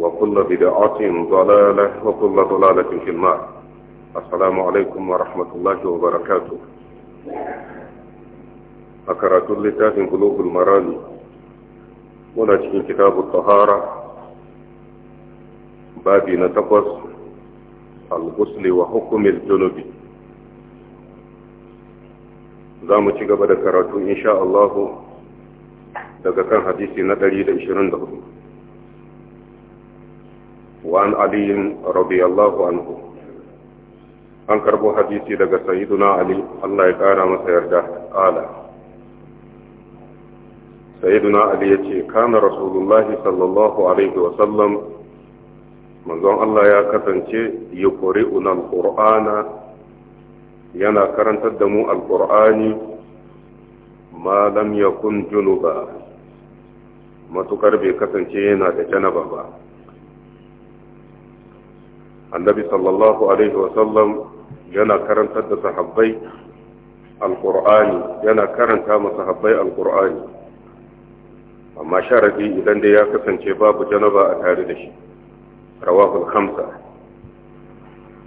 وكل بدعة ضلالة وكل ضلالة في الماء السلام عليكم ورحمة الله وبركاته أكرت اللتاف قلوب المراني ونجد كتاب الطهارة بابي نتقص الغسل وحكم الجنوب za mu ci gaba da karatu insha Allahu daga kan hadisi na 124 وعن علي رضي الله عنه an karbo hadisi daga sayyiduna ali Allah ya kara masa yarda ala sayyiduna ali ya ce kana rasulullahi sallallahu alaihi wa sallam manzon Allah ya kasance yuqri'una alqur'ana yana karantar da mu alqur'ani ma lam yakun junuba matukar bai kasance yana da janaba ba annabi sallallahu alaihi wasallam yana karantar da sahabbai alkur'ani yana karanta ma sahabbai alkur'ani amma sharadi idan dai ya kasance babu janaba a tare da shi rawahul khamsa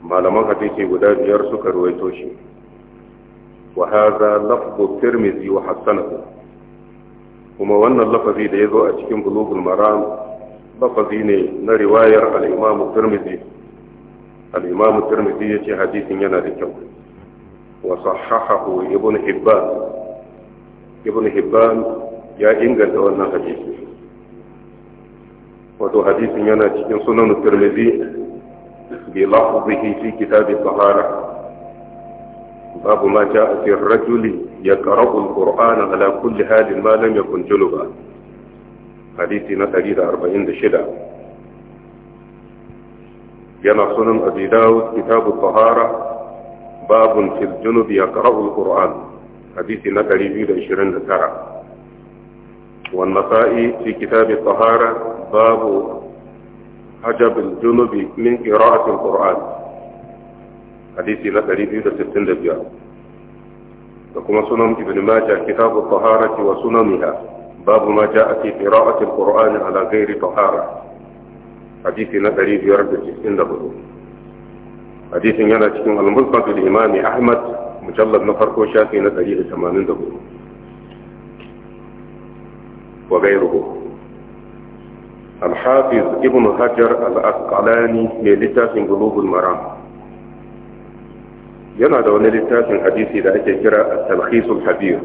malaman hadisi guda biyar suka ruwaito shi wa hadha lafdhu tirmidhi wa hasanahu kuma wannan lafazi da yazo a cikin bulugul maram lafazi ne na riwayar al-imam tirmidhi al-imam ya ce hadisin yana da kyau wa sahahahu ibn hibban hibban ya inganta wannan hadisi wato hadisin yana cikin sunan tirmidhi bi lafzihi fi babu al-tahara باب ما جاء في الرجل يقرأ القرآن على كل حال ما لم يكن جنبا حديث نتريد أربعين شدة yana sunan abi dawud kitabu tahara babun fil junub yaqra'u al-qur'an hadisi na 229 wan nasa'i fi kitab tahara babu hajab al-junub min qira'ati al-qur'an hadisi na 265 da kuma sunan ibn majah kitabu taharati wa sunaniha babu ma ja'a fi qira'ati al-qur'an ala ghairi tahara حديث نظري في رد تسعين دبلو حديث ينا تكون الملقب الإمام أحمد مجلد نفر كوشا في نظري ثمانين دبلو وغيره الحافظ ابن حجر الأسقلاني من لتاس قلوب المرام ينا دون لتاس حديث إذا أجل التلخيص الحبيب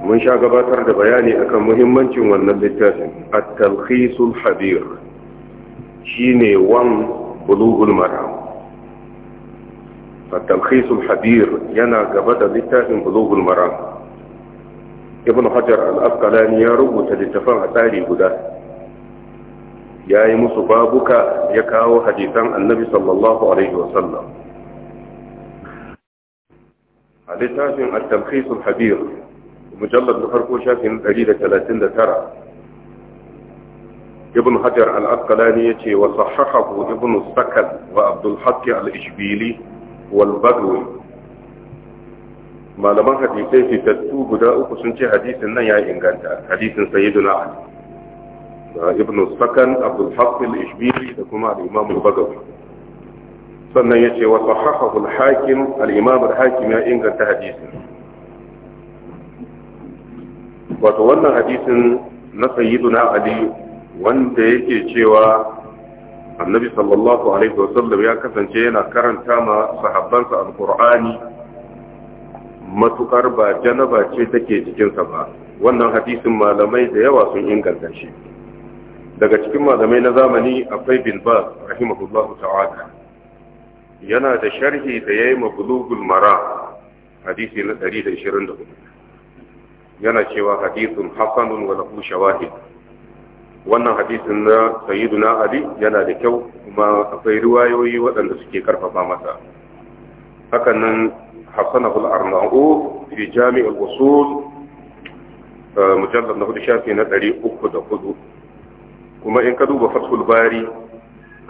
mun sha gabatar da bayani akan muhimmancin wannan littafin at-talkhisul habir shine wan bulughul maram at-talkhisul habir yana gaba da littafin bulughul maram ibn hajar al-asqalani ya rubuta littafin a tsari guda ya yi musu babuka ya kawo hadisan annabi sallallahu alaihi wasallam a littafin at-talkhisul habir mujallar na farko shafin 139 ibn hajar al-asqalani yace wa sahahahu ibn sakal wa abdul haqq al-ishbili wal badwi malaman hadisai fitattu guda uku hadisin nan ya inganta hadisin sayyiduna ali ibn sakan abdul haqq al-ishbili da kuma al-imam al-bagawi sannan yace wa al-hakim hakim ya inganta hadisin wato wannan hadisin na sayyiduna ali wanda yake cewa annabi sallallahu alaihi wasallam ya kasance yana karanta ma sahabbansa alqur'ani matukar ba janaba ce take jikinsa ba wannan hadisin malamai da yawa sun inganta shi daga cikin malamai na zamani akwai bin baz rahimahullahu ta'ala yana da sharhi da yayi mablughul mara hadisi na 124 yana cewa hadithun hasanun wa lahu shawahid wannan hadisin na sayyiduna ali yana da kyau kuma akwai riwayoyi waɗanda suke karfafa masa hakan nan hasanahu al-arna'u fi jami' al eh, Mujallar na hudu shafi na ɗari uku da hudu kuma in ka duba fathul bari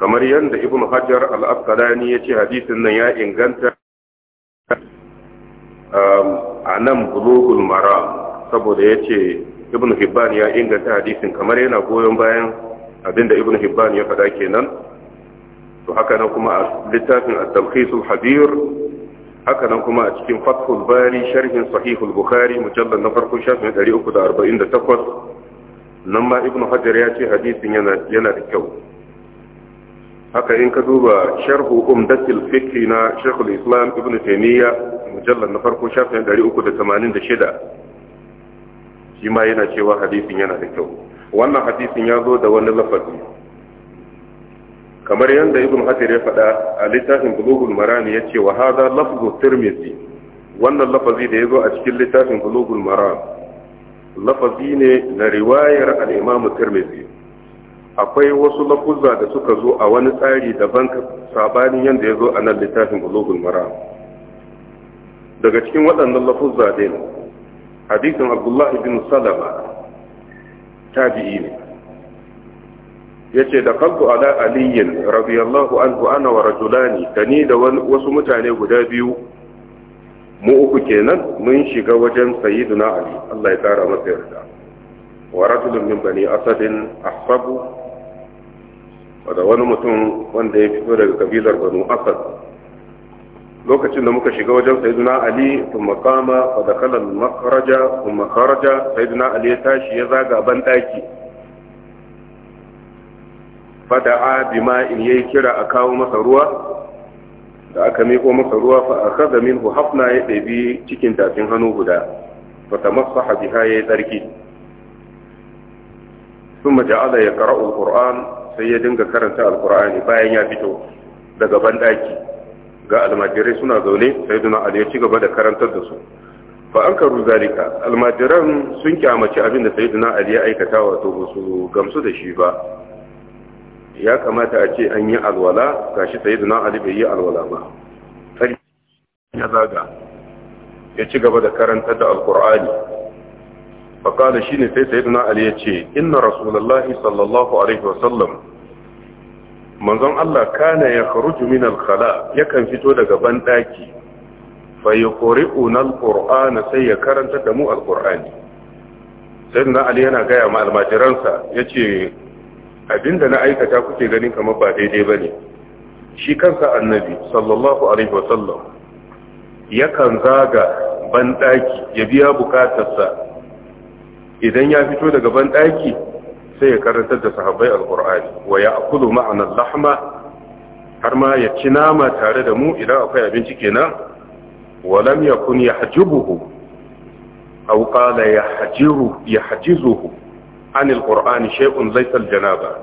kamar yadda ibn hajar al-asqalani ya ce hadisin nan ya inganta eh, a nan bulogul mara saboda ya ce ibn hibban ya inganta hadisin kamar yana goyon bayan abinda ibn hibban ya faɗa kenan to haka nan kuma a littafin at-talkhisul hadir haka nan kuma a cikin fathul bari sharhin sahihul bukhari mujallal na farko shafin 348 nan ma ibn hajar ya ce hadisin yana yana da kyau haka in ka duba sharhu umdatil fiqh na shaykhul islam ibn taymiya mujallal na farko shafin 386 shi ma yana cewa hadisin yana da kyau wannan hadisin ya zo da wani lafazi kamar yadda ibn hajar ya faɗa a littafin bulugul marani ya ce wa hada lafzu tirmizi wannan lafazi da ya zo a cikin littafin bulugul maran lafazi ne na riwayar al-imam akwai wasu lafuzza da suka zo a wani tsari daban sabanin yadda ya zo a nan littafin bulugul maran daga cikin waɗannan lafuzza dai hadisin abdullahi bin salama tabi'i ne yace da kalku ala aliyin radiyallahu anhu ana wa rajulani da ni da wasu mutane guda biyu mu uku kenan mun shiga wajen sayidu na ali Allah ya kara masa yarda wa rajulun bani asadin ahsabu wa da wani mutum wanda ya fito daga kabilar banu asad lokacin da muka shiga wajen sayyiduna ali kuma kama fa dakhala al-makhraja kuma kharaja sayyiduna ali ya tashi ya zaga ban daki fada'a bima in ya yi kira a kawo masa ruwa da aka miko masa ruwa fa a akhadha minhu hafna ya ɗabi cikin tafin hannu guda fa tamassaha biha yi tsarki ثم ya يقرأ القرآن sai ya dinga karanta alkur'ani bayan ya fito daga banɗaki ga almajirai suna zaune sayyiduna ali ya ci gaba da karantar da su fa an karu zalika almajiran sun kyamaci abin da sayyiduna ali ya aikata wato su gamsu da shi ba ya kamata a ce an yi alwala gashi Sayyidina ali bai yi alwala ba ya zaga ya ci gaba da karantar da alkur'ani fa kana shine sai Sayyidina ali ya ce inna rasulullahi sallallahu alaihi wa sallam. manzon Allah kana ya kharuju min al-khala yakan fito daga bandaki fa al-qur'ana sai ya karanta da mu al-qur'ani sayyidina ali yana ga ma almajiransa yace abinda na aikata kuke ganin kamar ba daidai bane shi kansa annabi sallallahu alaihi wasallam yakan zaga bandaki ya biya bukatarsa idan ya fito daga bandaki sai ya karantar da sahabbai alkur'ani wa ya'kulu ma'ana lahma har ma ya ci nama tare da mu idan akwai abinci kenan wa lam yakun yahjubuhu aw qala yahjiru yahjizuhu an alkur'ani shay'un laysa al-janaba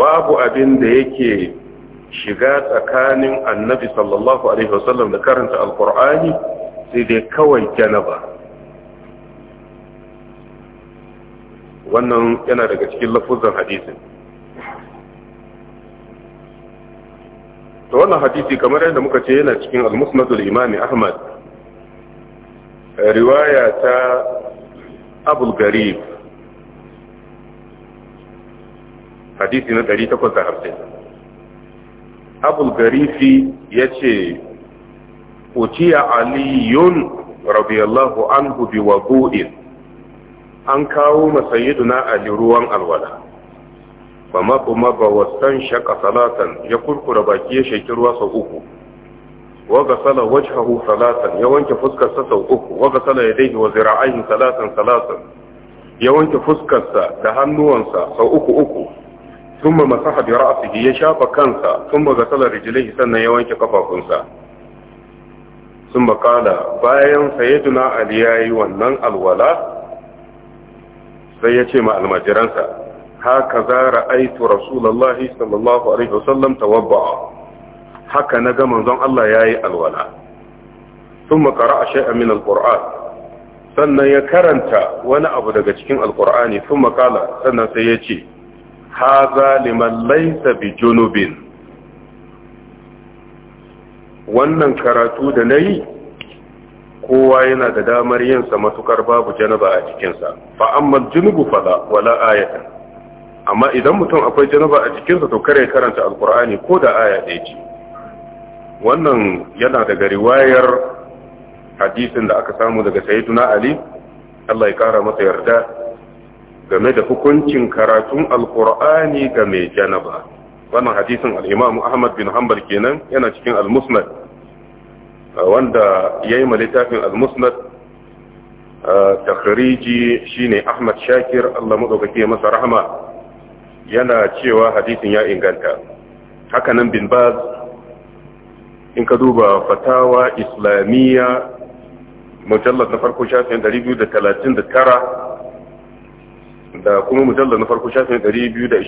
babu abin da yake shiga tsakanin annabi sallallahu alaihi wasallam da karanta alkur'ani sai dai kawai janaba wannan yana daga cikin lafuzan hadisin to wannan hadisi kamar yadda muka ce yana cikin al-musnadul imam ahmad eh, riwaya ta abul garib hadisi na 850 abul garifi ya ce utiya aliyun radiyallahu anhu bi wabu'in an kawo masayiduna a ruwan alwala ba makuma ba wasan shaka salatan ya kurkura baki ya shaki ruwa sau uku waga sala wajhahu salatan ya wanke fuskarsa sau uku waga sala yadayhi wa zira'aihi salatan salatan ya wanke fuskarsa da hannuwansa sau uku uku ba masaha haɗe ra'sihi ya shafa kansa ga salar rijilai sannan ya wanke kafafunsa ba qala bayan sayyiduna ali yi wannan alwala sai ya ce ma almajiransa haka za ra'aitu rasulullahi sallallahu alaihi wasallam tawabba haka na ga manzon Allah yayi alwala thumma qara'a shay'an min alquran sannan ya karanta wani abu daga cikin alqur'ani thumma na? sannan sai ya ce haza liman laysa bijunubin wannan karatu da nayi kowa yana da damar yinsa matukar babu janaba a cikinsa. fa amma junubu fala wala ayatan amma idan mutum akwai janaba a cikinsa, to kare karanta alqur'ani ko da aya ɗaya ce wannan yana daga riwayar hadisin da aka samu daga sayyiduna ali Allah ya kara masa yarda game da hukuncin karatun alqur'ani ga mai janaba wannan hadisin al-imam ahmad bin hanbal kenan yana cikin al-musnad wanda ya yi littafin al-musnad shi shine ahmad shakir allah maɗaukaki masa rahama yana cewa hadisin ya inganta hakanan bin baz in ka duba fatawa islamiyya mujallar na farko shafin 239 da kuma mujallar na farko shafin 222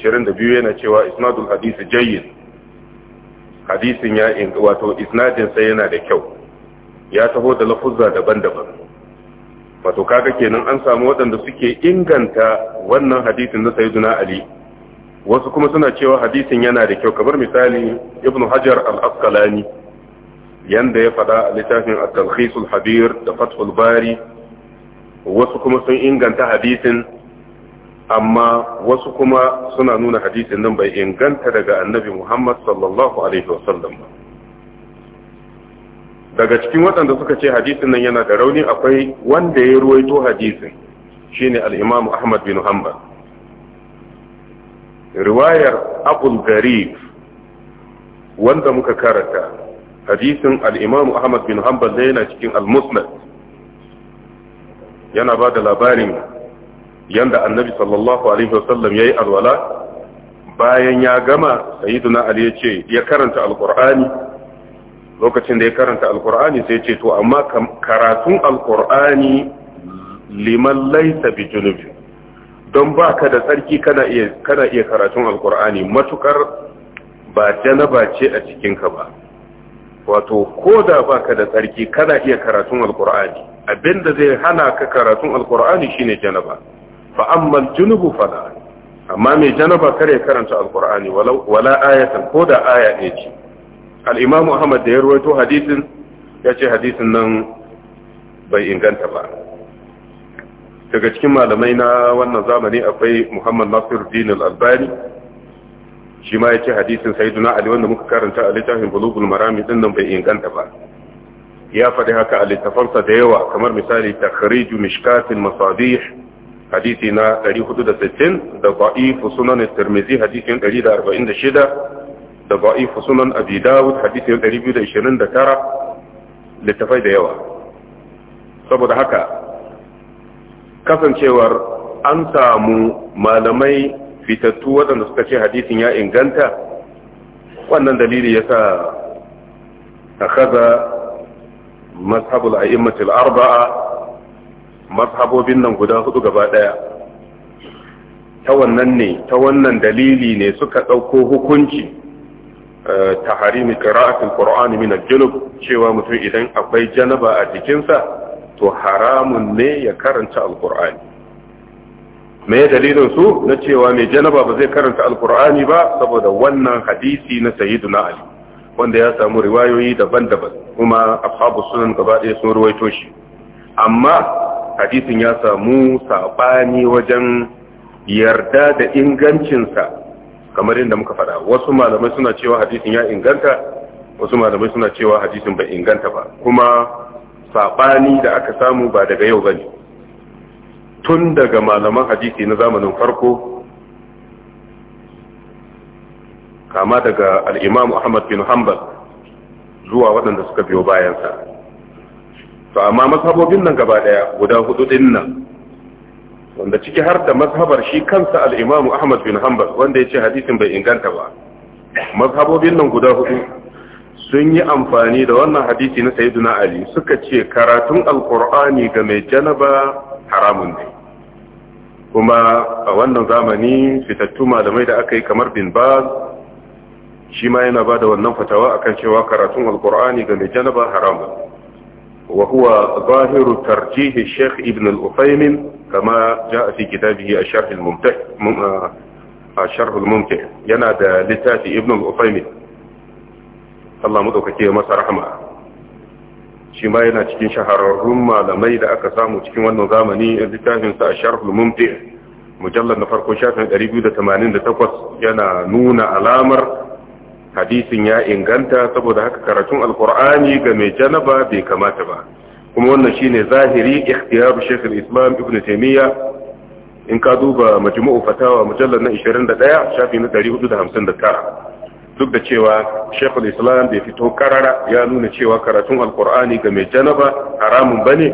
yana cewa isnadul hadisi Jayin, hadisin ya wato isnadinsa yana da kyau ya taho da lafuzza daban-daban wato kaga kenan an samu waɗanda suke inganta wannan hadisin na sayyiduna ali wasu kuma suna cewa hadisin yana da kyau kamar misali ibn hajar al-asqalani yanda ya faɗa a littafin at-talkhisul habir da fathul bari wasu kuma sun inganta hadisin amma wasu kuma suna nuna hadisin nan bai inganta daga annabi muhammad sallallahu alaihi wasallam ba daga cikin waɗanda suka ce hadisin nan yana da rauni akwai wanda ya ruwaito hadisin shine al-Imam Ahmad bin Hanbal riwayar Abu wanda muka karanta hadisin al-Imam Ahmad bin Hanbal ne yana cikin al-Musnad yana ba da labarin yanda Annabi sallallahu alaihi wasallam yayi alwala bayan ya gama sayyiduna Ali ya ce ya karanta al-Qur'ani lokacin da ya karanta alkur'ani sai ce to amma karatun alkur'ani liman laisa bi junubin don ba ka da tsarki kana iya karatun alkur'ani matukar ba janaba ce a cikinka ba wato ko da ba ka da tsarki kana iya karatun alkur'ani abinda zai hana ka karatun alkur'ani shine janaba fa amma junubu fala amma mai janaba kare karanta alkur'ani wala ayatan ko da aya ne ce al-imamu ahmad da ya ruwaito hadisin ya ce hadisin nan bai inganta ba daga cikin malamai na wannan zamani akwai muhammad nasiruddin al-albani shi ma ya ce hadisin sayyiduna ali wanda muka karanta a littafin bulugun marami din nan bai inganta ba ya faɗi haka a littafansa da yawa kamar misali takhriju mishkatil masadih hadisi na 460 da da'ifu sunan tirmizi hadisin 146 da ba'if sunan abi dawud hadisi 229 littafai da yawa saboda haka kasancewar an samu malamai fitattu waɗanda suka ce hadisin ya inganta wannan dalili ya sa a kaza mazhabul a'immatul arba'a mazhabobin nan guda hudu gaba ɗaya ta wannan ne ta wannan dalili ne suka ɗauko hukunci Eh, taharimi qira'atul qur'ani min al-junub cewa mutum idan akwai janaba a jikinsa to haramun ne ya karanta al-qur'ani me dalilin su na cewa mai janaba ba zai karanta al-qur'ani ba saboda wannan hadisi na sayyiduna ali wanda ya samu riwayoyi daban-daban kuma ashabu sunan gaba ɗaya sun ruwaito shi amma hadisin ya samu sabani wajen yarda da ingancinsa kamar yadda muka faɗa wasu malamai suna cewa hadisin ya inganta wasu malamai suna cewa hadisin bai inganta ba kuma saɓani da aka samu ba daga yau bane tun daga malaman hadisi na zamanin farko kama daga al'imamu ahmad bin hanbal zuwa waɗanda suka biyo bayansa to amma masabobin nan gaba ɗaya guda hudu ɗin nan wanda ciki har da mazhabar shi kansa al'imamu ahmad bin hanbal wanda ya ce hadisin bai inganta ba mazhabobin nan guda hudu sun yi amfani da wannan hadisi na sayyiduna ali suka ce karatun alkur'ani ga mai janaba haramun ne kuma a wannan zamani fitattu malamai da aka yi kamar bin baz shi ma yana ba da wannan fatawa akan cewa karatun alkur'ani ga mai janaba haramun وهو ظاهر ترجيح الشيخ ابن الأثيم كما جاء في كتابه الشرح الممتع الشرح الممتع ينادى لتاتي ابن الأثيم Allah madaukake masa rahma. shi ma yana cikin shahararrun malamai da aka samu cikin wannan zamani a littafinsa a sharhul mumti mujallar na farko shafin 288 yana nuna alamar hadisin ya inganta saboda haka karatun alkur'ani ga mai janaba bai kamata ba kuma wannan shine zahiri ikhtiyar Sheikh al-Islam Ibn Taymiyyah in ka duba majmu'u fatawa mujallar na 21 shafi na 459 duk da cewa Sheikh al-Islam bai fito karara ya nuna cewa karatun alkur'ani ga mai janaba haramun bane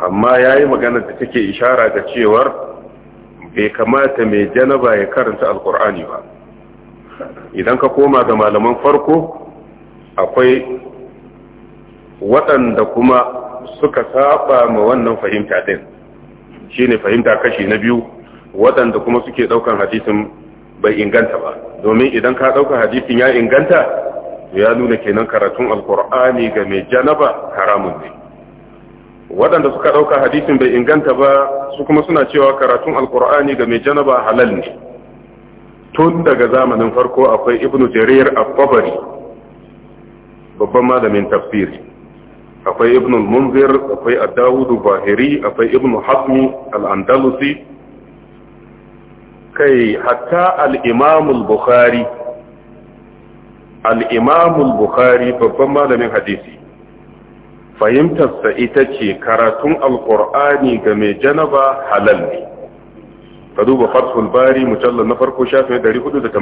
amma yayi magana da take ishara da cewar bai kamata mai janaba ya karanta alkur'ani ba idan ka koma ga malaman farko akwai waɗanda kuma suka saba ma wannan fahimta din ne fahimta kashi na biyu waɗanda kuma suke ɗaukan hadisin bai inganta ba domin idan ka ɗauka hadisin ya inganta ya nuna kenan karatun alkur'ani ga mai janaba haramun ne waɗanda suka ɗauka hadisin bai inganta ba su kuma suna cewa karatun alkur'ani ga mai janaba halal ne tun daga zamanin farko akwai ibnu jarir al-tabari babban malamin tafsiri akwai ibnu munzir akwai ad bahiri akwai ibnu hasmi al-andalusi kai hatta al'imamul imam bukhari bukhari babban malamin hadisi fahimtarsa ita ce karatun alkur'ani ga mai janaba halal ne ka duba fathul bari mujallar na farko shafi 486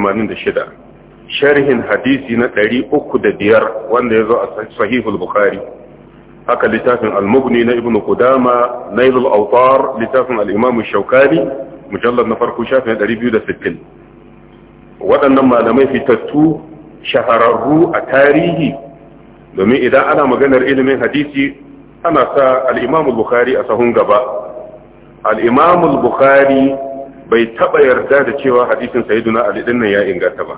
sharhin hadisi na 305 wanda ya zo a sahihul bukhari haka littafin al-mughni na ibnu qudama nailul awtar littafin al-imam shaukani mujallar na farko shafi 260 waɗannan malamai fitattu shahararru a tarihi domin idan ana maganar ilimin hadisi ana sa al-imam bukhari a sahun gaba al-imam bukhari bai taba yarda da cewa hadisin sayyiduna ali din nan ya inganta ba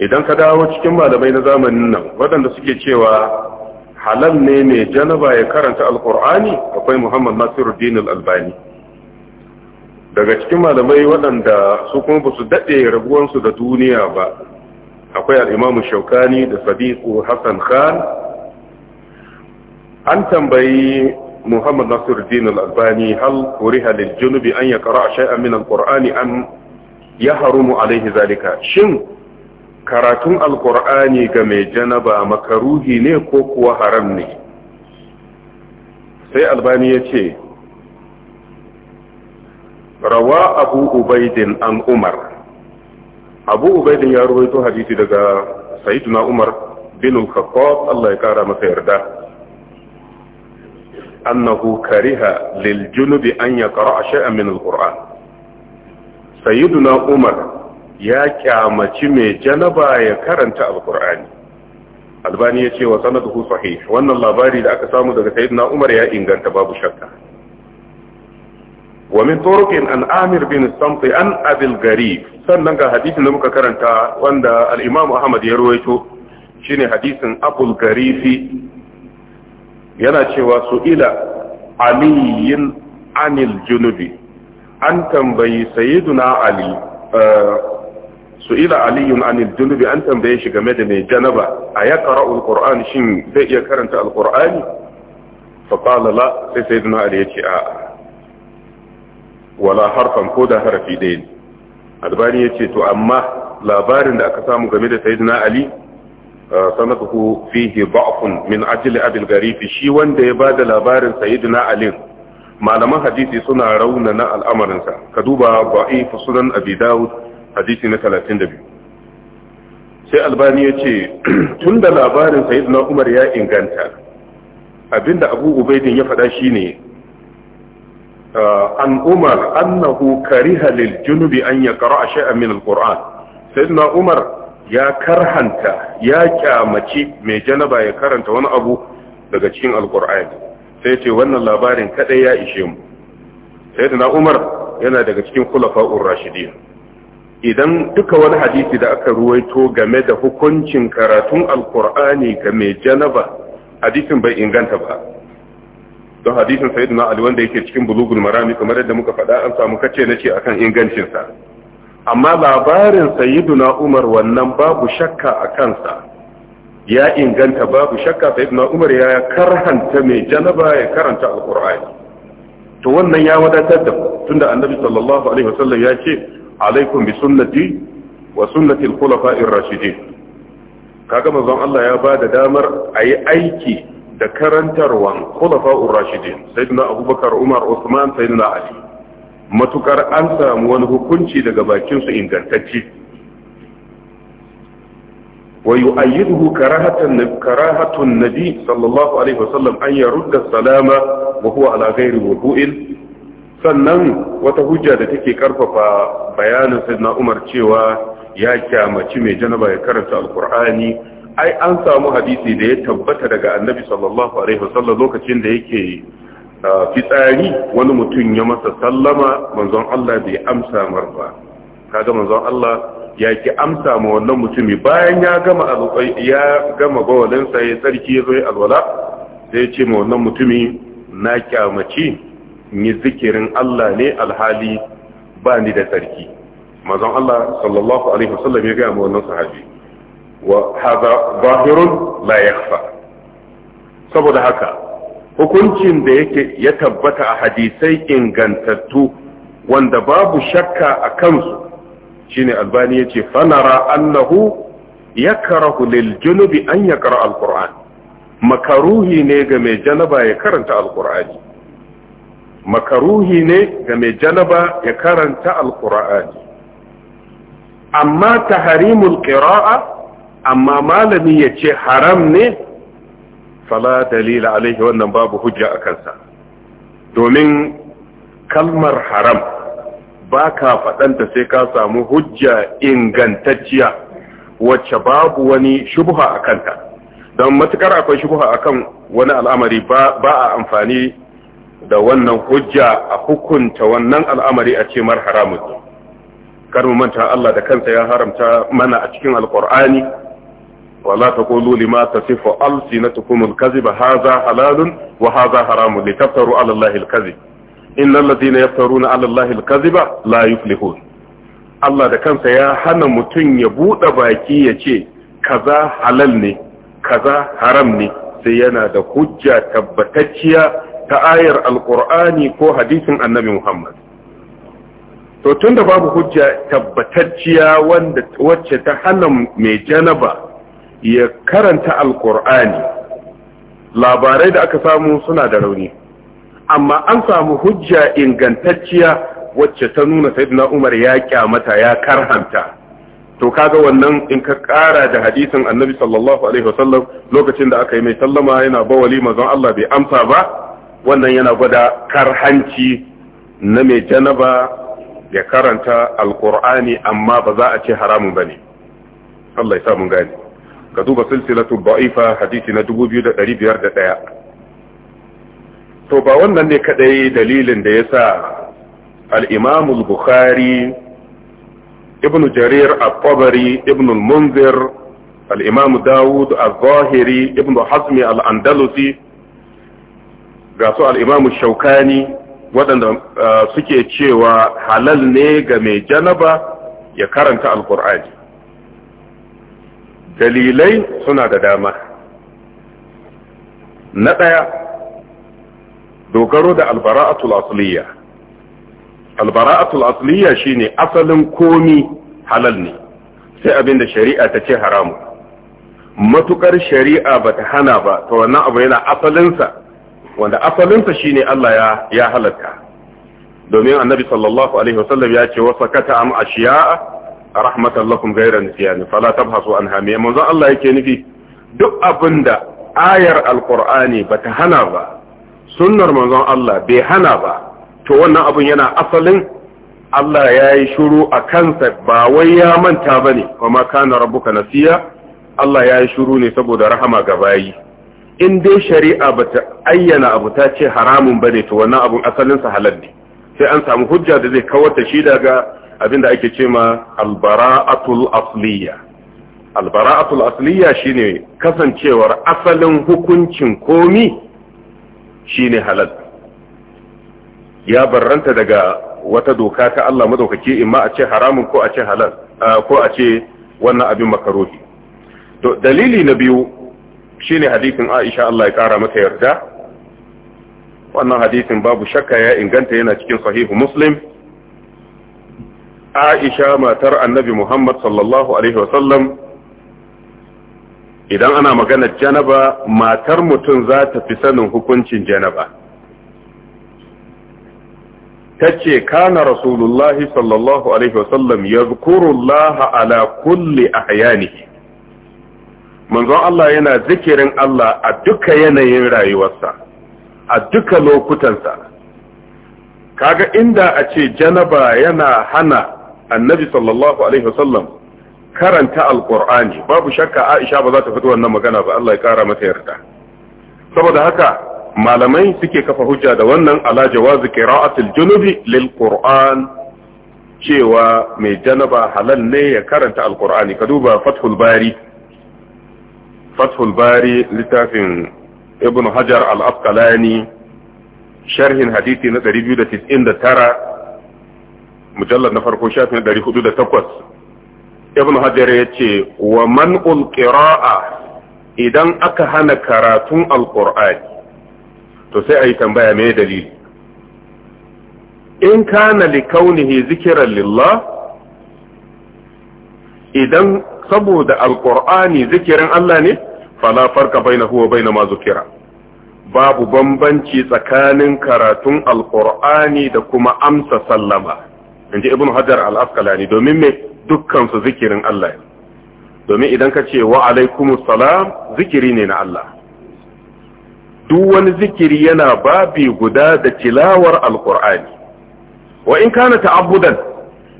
idan ka dawo cikin malamai na zamanin nan waɗanda suke cewa halal ne mai janaba ya karanta alkur'ani akwai muhammad nasiruddin albani daga cikin malamai waɗanda su kuma basu su daɗe rabuwansu da duniya ba akwai al-imamu shaukani da sadiku hassan khan an tambayi muhammad nasiruddin al-albani hal kuriha lil junubi an yaqra shay'an min al-qur'ani am harumu alayhi zalika shin karatun al-qur'ani ga mai janaba makaruhi ne ko kuwa haram ne sai albani yace rawa abu ubaidin an umar abu ubaidin ya ruwaito hadisi daga sayyiduna umar bin al Allah ya kara masa yarda annahu kariha lil junubi an yaqra'a shay'an min al-qur'an na umar ya kyamaci mai janaba ya karanta alkur'ani albani ya ce wa sanadu sahih wannan labari da aka samu daga sayyidina umar ya inganta babu shakka wa min turuqin an amir bin samti an abil garib sannan ga hadisin da muka karanta wanda al-imam ahmad ya rawaito shine hadisin abul garifi yana cewa su ila aliyin anil junubi an tambayi sayiduna ali eh, su ila aliyun anil junubi an tambaye shi game da mai janaba a ya ƙara alƙur'an shin zai iya karanta alƙur'ani faƙalala sai sayyiduna ali ya ce a wala harfan ko da harafi ɗaya ne albani ya ce to amma labarin da aka samu game da sayyiduna ali sanatuhu fihi ba'fun min ajli abil shi wanda ya bada labarin sayyidina ali malaman hadisi suna raunana al'amarin sa ka duba ba'if sunan abi daud hadisi na 32 sai albani yace tunda labarin sayyidina umar ya inganta abinda abu ubaidin ya faɗa shine an umar annahu kariha lil junubi an yaqra shay'an min al-qur'an sayyidina umar ya karhanta ya kyamaci mai janaba ya karanta wani abu daga cikin alkur'ani sai ce wannan labarin kadai ya ishe mu da umar yana daga cikin khulafa'ur rashidin idan duka wani hadisi da aka ruwaito game da hukuncin karatun alkur'ani ga mai janaba hadisin bai inganta ba don hadisin sayyidina ali wanda yake cikin bulugul marami kamar yadda muka faɗa an samu kace nace akan ingancinsa amma labarin sayyiduna umar wannan babu shakka a kansa ya inganta babu shakka sayyiduna umar ya karhanta mai janaba ya karanta alkur'ani to wannan ya wadatar da tunda annabi sallallahu alaihi wasallam ya ce alaikum bi sunnati wa sunnati al-khulafa'i rashidin kaga manzon Allah ya bada damar ayi aiki da karantarwan khulafa'ur rashidin sayyidina abubakar umar usman sayyidina ali matukar an samu wani hukunci daga bakin su ingantacce wa yu'ayyiduhu karahatan karahatun nabi sallallahu alaihi wasallam an yarudda salama wa huwa ala ghairi wudu'in sannan wata hujja da take karfafa bayanin sayyidina Umar cewa ya kyamaci mai janaba ya karanta alqur'ani ai an samu hadisi da ya tabbata daga annabi sallallahu alaihi wasallam lokacin da yake fitsari wani mutum ya masa sallama manzon Allah bai amsa marfa kaga manzon Allah ya ki amsa ma wannan mutumi bayan ya gama ya gama gawalin sa ya sarki ya zo ya alwala sai ya ce ma wannan mutumi na kyamaci ni zikirin Allah ne alhali ba ni da sarki manzon Allah sallallahu alaihi wasallam ya ga ma wannan sahabi wa hada zahirun la yakhfa saboda haka hukuncin da yake ya tabbata a hadisai ingantattu wanda babu shakka a kansu shine albani yace fanara annahu kara hulil junubi an ya kara alkur'an makaruhi ne ga mai janaba ya karanta alkur'ani makaruhi ne ga mai janaba ya karanta alkur'ani amma ta Harimul qira'a amma malami ya ce haram ne fala dalila alaihi wannan babu hujja a kansa domin kalmar haram ba ka faɗanta sai ka samu hujja ingantacciya wacce babu wani shubha a kanta don matukar akwai a akan wani al'amari ba a amfani da wannan hujja a hukunta wannan al'amari a ce mar haramun kar manta Allah da kansa ya haramta mana a cikin alkur'ani ولا تقولوا لما تصف ألسنتكم الكذب هذا حلال وهذا حرام لتفتروا على الله الكذب إن الذين يفترون على الله الكذب لا يفلحون Allah da kansa ya hana mutum ya buɗe baki ya ce, kaza halal ne, kaza haram ne, sai yana da hujja tabbatacciya ta ayar alƙur'ani ko hadisin annabi Muhammad. To tun da babu hujja tabbatacciya wacce ta hana mai janaba ya karanta alkur'ani labarai da aka samu suna da rauni amma an samu hujja ingantacciya wacce ta nuna sayyidina umar ya kyamata ya karhanta to kaga wannan in ka kara da hadisin annabi sallallahu alaihi wasallam lokacin da aka yi mai sallama yana ba wali mazan Allah bai amsa ba wannan yana gwada karhanci na mai janaba ya karanta alkur'ani amma ba za a ce haramun bane Allah ya sa mun gane ka duba silsilatu da'ifa hadisi na 2501 to ba wannan ne kadai dalilin da yasa al-Imam al-Bukhari ibn Jarir al-Tabari ibn al-Munzir al-Imam Dawud al-Zahiri ibn Hazm al-Andalusi ga su al-Imam waɗanda eh, suke cewa halal ne ga mai janaba ya karanta al-Qur'ani dalilai suna da dama na ɗaya dogaro da albara'atul asliya albara'atul asliya shine asalin komi halal ne sai abin da shari'a ta ce haramu matukar shari'a ba ta hana ba ta wannan abu yana asalinsa wanda asalinsa shine Allah ya halatta domin annabi sallallahu alaihi wasallam ya ce wasa kata am ashiya'a rahmatan lakum ghayra nisyan fala tabhasu anha me manzo Allah yake nufi duk abinda ayar alqur'ani bata hana ba sunnar manzon Allah bai hana ba to wannan abun yana asalin Allah ya yi shuru a kansa ba wai ya manta ba ne, kuma kana rabuka nasiya, Allah ya yi shuru ne saboda rahama ga bayi. In dai shari'a ba ta ayyana abu ta ce haramun ba ne, to wannan abun asalinsa halal ne, sai an samu hujja da zai kawar da shi daga Abin abinda ake ce ma albara'atul asliya albara'atul asliya shine kasancewar asalin hukuncin komi shine halal ya barranta daga wata doka ta Allah madaukake imma a ce haramun ko a ce halal ko a ce wannan abin makaruhi to dalili na biyu shine hadisin Aisha Allah ya kara mata yarda wannan hadisin babu shakka ya inganta yana cikin sahihu Muslim aisha matar annabi muhammad sallallahu alaihi wasallam idan ana maganar janaba matar mutum za ta fi sanin hukuncin janaba ta ce kana rasulullahi sallallahu alaihi wasallam ya zukurullaha ala kulli ahyanihi manzon Allah yana zikirin Allah a duka yanayin rayuwarsa a duka lokutansa kaga inda a ce janaba yana hana annabi sallallahu alaihi wasallam karanta alqur'ani babu shakka Aisha ba za ta fito wannan magana ba Allah ya kara mata yarda saboda haka malamai suke kafa hujja da wannan ala jawazi qira'atil junubi lil qur'an cewa mai janaba halal ne ya karanta alkur'ani ka duba fathul bari fathul bari littafin ibn hajar al-asqalani sharhin hadisi na 299 mujallar na farko shafin 408 ibn hajar ya ce wa man ulqira'a idan aka hana karatun alqur'ani to sai ayi tambaya me dalili in kana li kaunihi zikran lillah idan saboda alqur'ani zikirin Allah ne fala farka bainahu wa ma zukira babu bambanci tsakanin karatun alqur'ani da kuma amsa sallama in ji ibn hajar al-asqalani domin me dukkan zikirin Allah ne domin idan ka ce wa alaikumus salam zikiri ne na Allah duk wani zikiri yana babi guda da tilawar alqur'ani wa in kana ta'abbudan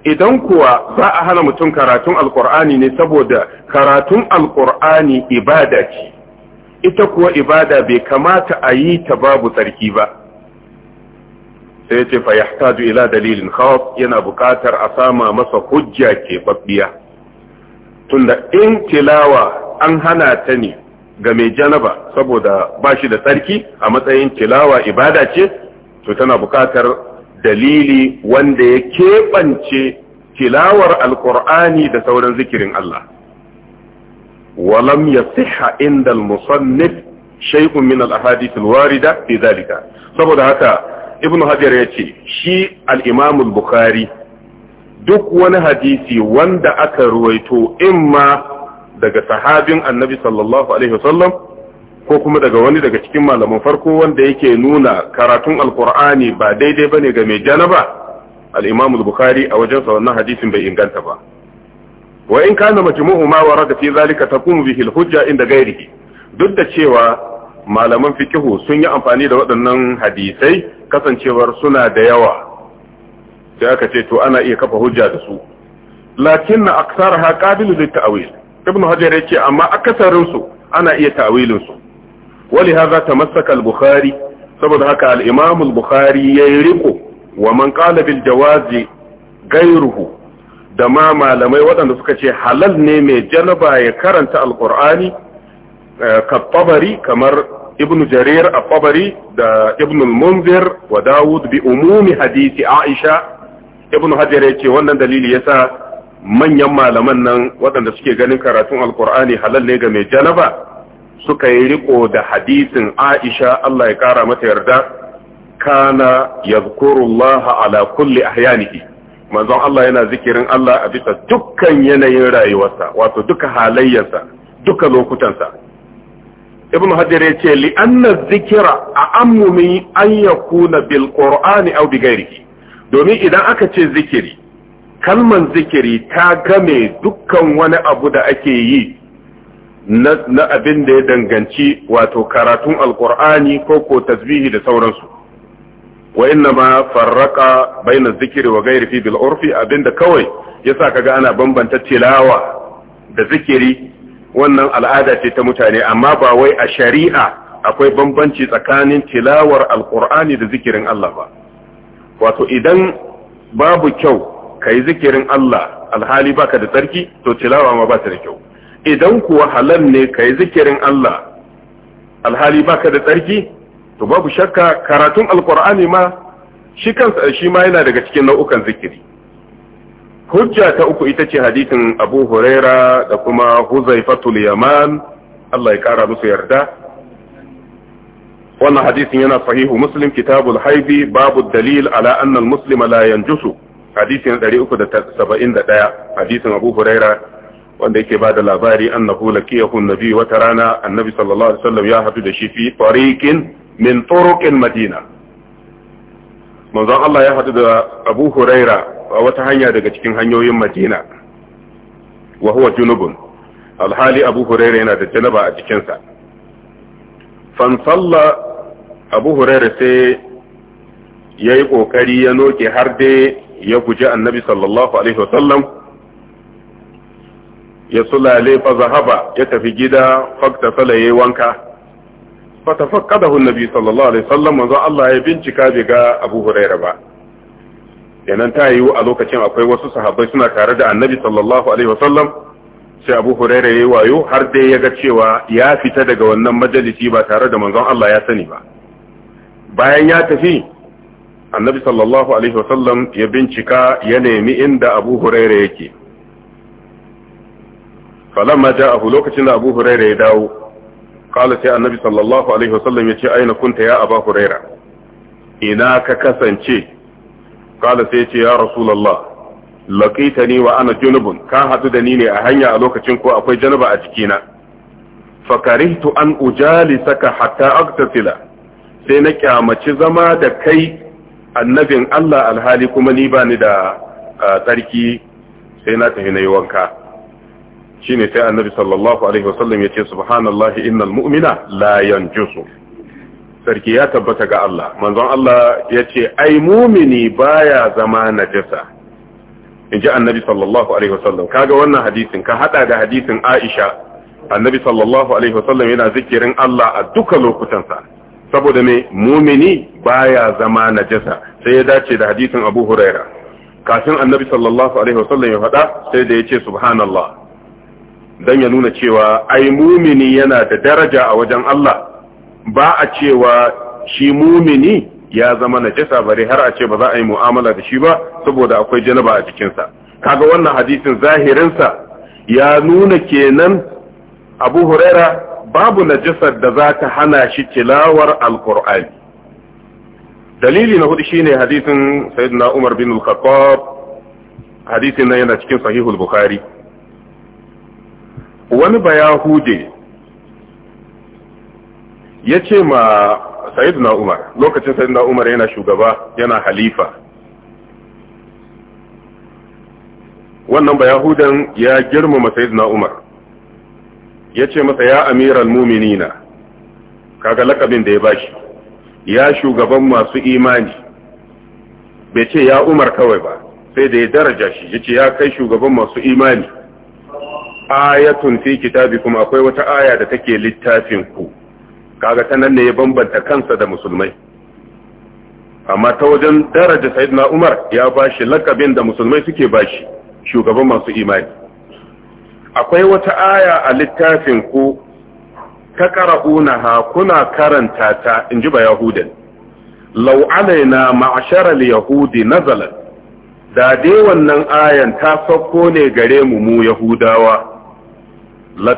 idan kuwa za a hana mutum karatun alqur'ani ne saboda karatun alqur'ani ibada ce ita kuwa ibada bai kamata a yi ta babu tsarki ba sai ce fa yahtaju ila dalilin khawf yana buƙatar a sama masa hujja ke babbiya tunda in tilawa an hana ta ne ga mai janaba saboda ba shi da tsarki a matsayin tilawa ibada ce to tana buƙatar dalili wanda ya keɓance tilawar alƙur'ani da sauran zikirin Allah walam yasiha inda al-musannif shay'un min al-ahadith al-warida fi zalika saboda haka ibn hajar ya ce shi al'imamul bukhari duk wani hadisi wanda aka ruwaito imma daga sahabin annabi sallallahu alaihi wasallam ko kuma daga wani daga cikin malaman farko wanda yake nuna karatun alkur'ani ba daidai ba ne ga mai janaba Al'imamul bukhari a wajensa wannan hadisin bai inganta ba wa in kana majmu'u ma warada fi zalika taqumu bihi al-hujja inda ghairihi duk da cewa malaman fikihu sun yi amfani da waɗannan hadisai kasancewar suna da yawa sai aka ce to ana iya kafa hujja da su lakin na aksara ha qabilu lit ta'wil ibn hajar yace amma akasarin su ana iya ta'wilin su wali hadha tamassaka al-bukhari saboda haka al-imam al-bukhari yayi wa man qala bil jawazi gairuhu da ma malamai waɗanda suka ce halal ne mai janaba ya karanta alkur'ani kattabari kamar ibn jarir at da ibn al-munzir wa dawud bi umumi hadisi aisha ibn hajar yace wannan dalili yasa manyan malaman nan waɗanda suke ganin karatun alqur'ani halal ne ga mai janaba suka yi riko da hadisin aisha Allah ya kara mata yarda kana yadhkurullaha ala kulli ahyanihi manzon Allah yana zikirin Allah a bisa dukkan yanayin rayuwarsa wato duka halayyarsa duka lokutansa ibn hajar ya ce li anna zikira a ammumi an yakuna bil qur'ani aw bi ghairihi domin idan aka ce zikiri kalman zikiri ta game dukkan wani abu da ake yi na abin da ya danganci wato karatun alqur'ani ko ko tasbihi da sauransu wa inna ma farraka baina zikiri wa gairi fi bil urfi abinda kawai yasa kaga ana bambanta tilawa da zikiri wannan al'ada ce ta mutane amma ba wai a shari'a akwai bambanci tsakanin tilawar alkur'ani da zikirin Allah ba wato idan babu kyau kai zikirin Allah alhali baka da tsarki to tilawa ma ba ta da kyau idan kuwa halal ne yi zikirin Allah alhali baka da tsarki to babu shakka karatun alkur'ani ma shi kansa shi ma yana daga cikin nau'ukan zikiri hujja ta uku ita ce hadisin abu huraira da kuma huzaifatul yaman Allah ya kara musu yarda wannan hadisin yana sahihu muslim kitabul haibi babu dalil ala anna muslima la yanjusu hadisin 371 Hadithin abu huraira wanda yake bada labari annahu laqiyahu annabi wata rana annabi sallallahu alaihi wasallam ya hadu da shi fi tariqin min turuqil madina manzon Allah ya hadu da abu huraira A wata hanya daga cikin hanyoyin madina wa huwa junubun alhali abu huraira yana da janaba a jikinsa fansalla abu huraira sai ya yi ƙoƙari ya noke har dai ya guji annabi sallallahu alaihi wasallam ya sulale fa zahaba ya tafi gida fakta yi wanka fatafakkadahu annabi sallallahu alaihi wasallam manzo Allah ya bincika bai ga Abu Hurairah ba kenan ta yiwu a lokacin akwai wasu sahabbai suna tare da annabi sallallahu alaihi wasallam sai abu huraira yayi wayo har dai ya ga cewa ya fita daga wannan majalisi ba tare da manzon Allah ya sani ba bayan ya tafi annabi sallallahu alaihi wasallam ya bincika ya nemi inda abu huraira yake falamma ja'ahu lokacin da abu huraira ya dawo qala sai annabi sallallahu alaihi wasallam ya ce aina kunta ya abu huraira ina ka kasance kala sai ce ya rasulullah laqitani wa ana junubun ka hadu da ni ne a hanya a lokacin ko akwai janaba a jikina fakaritu an ujalisaka hatta aktasila sai na kyamaci zama da kai annabin Allah alhali kuma ni bani da tsarki sai na tafi na yi wanka shine sai annabi sallallahu alaihi wasallam ya ce subhanallahi innal mu'mina la yanjusu sarki ya tabbata ga Allah manzon Allah ya ce ai mumini baya zama najasa in ji annabi sallallahu alaihi wasallam kaga wannan hadisin ka hada da hadisin Aisha annabi sallallahu alaihi wasallam yana zikirin Allah a duka lokutansa saboda me mumini baya zama najasa sai ya dace da hadisin Abu Huraira kafin annabi sallallahu alaihi wasallam ya faɗa sai da ya ce subhanallah dan ya nuna cewa ai mumini yana da daraja a wajen Allah ba a cewa shi mumini ya zama na jasa, bare har a ce ba za a yi mu'amala da shi ba saboda akwai janaba a jikinsa kaga wannan hadisin zahirinsa ya nuna kenan abu huraira babu najasar da za ta hana shi tilawar alkur'ani dalili na hudu shine hadisin sayyidina umar bin al-khattab hadisin nan yana cikin sahihul bukhari wani bayahude ya ce ma na umar lokacin na umar yana shugaba yana halifa wannan bayahudan ya girmama na umar ya ce masa ya amiral muminina kaga lakabin da ya bashi ya shugaban masu imani bai ce ya umar kawai ba sai da ya daraja shi ya ce ya kai shugaban masu imani ayatun fi kuma akwai wata aya da take littafin ku kaga ta nan ne ya bambanta kansa da musulmai amma ta wajen daraja sayyidina Umar ya ba shi lakabin da musulmai suke ba shi shugaban masu imani akwai wata aya a littafin ku ta qara'unaha kuna karanta ta ji ba yahudan law alaina ma'ashara yahudi na da dai wannan ayan ta sauko ne gare mu mu yahudawa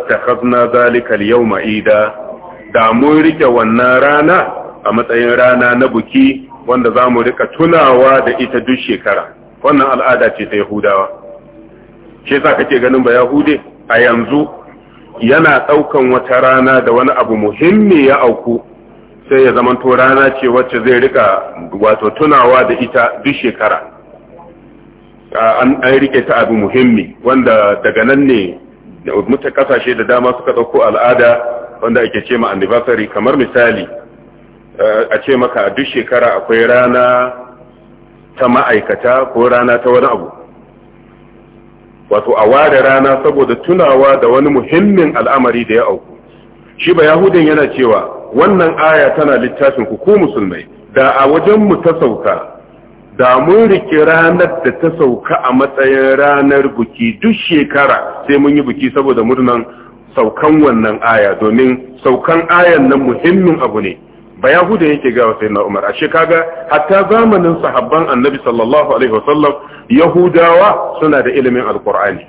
khazna zalika al-yawma ida da mun rike wannan rana a matsayin rana na buki wanda za mu rika tunawa da ita duk shekara wannan al'ada ce ta yahudawa shi yasa kake ganin ba yahude a yanzu yana ɗaukan wata rana da wani abu muhimmi ya auku sai ya zamanto rana ce wacce zai rika wato tunawa da ita duk shekara an rike ta abu muhimmi wanda daga nan ne mutu kasashe da dama suka dauko al'ada wanda ake ce ma anniversary kamar misali eh, a ce maka a duk shekara akwai rana ta ma'aikata ko rana ta wani abu wato a ware rana saboda tunawa da wani muhimmin al'amari da ya auku shi ba yahudin yana cewa wannan aya tana littafin ku ku musulmai da a wajen mu ta sauka da mun rike ranar da ta sauka a matsayin ranar buki duk shekara sai mun yi buki saboda murnan saukan wannan aya domin saukan ayan nan muhimmin abu ne ba hudu yake ga sai na umar ashe kaga hatta zamanin sahabban annabi sallallahu alaihi wasallam yahudawa suna da ilimin alqur'ani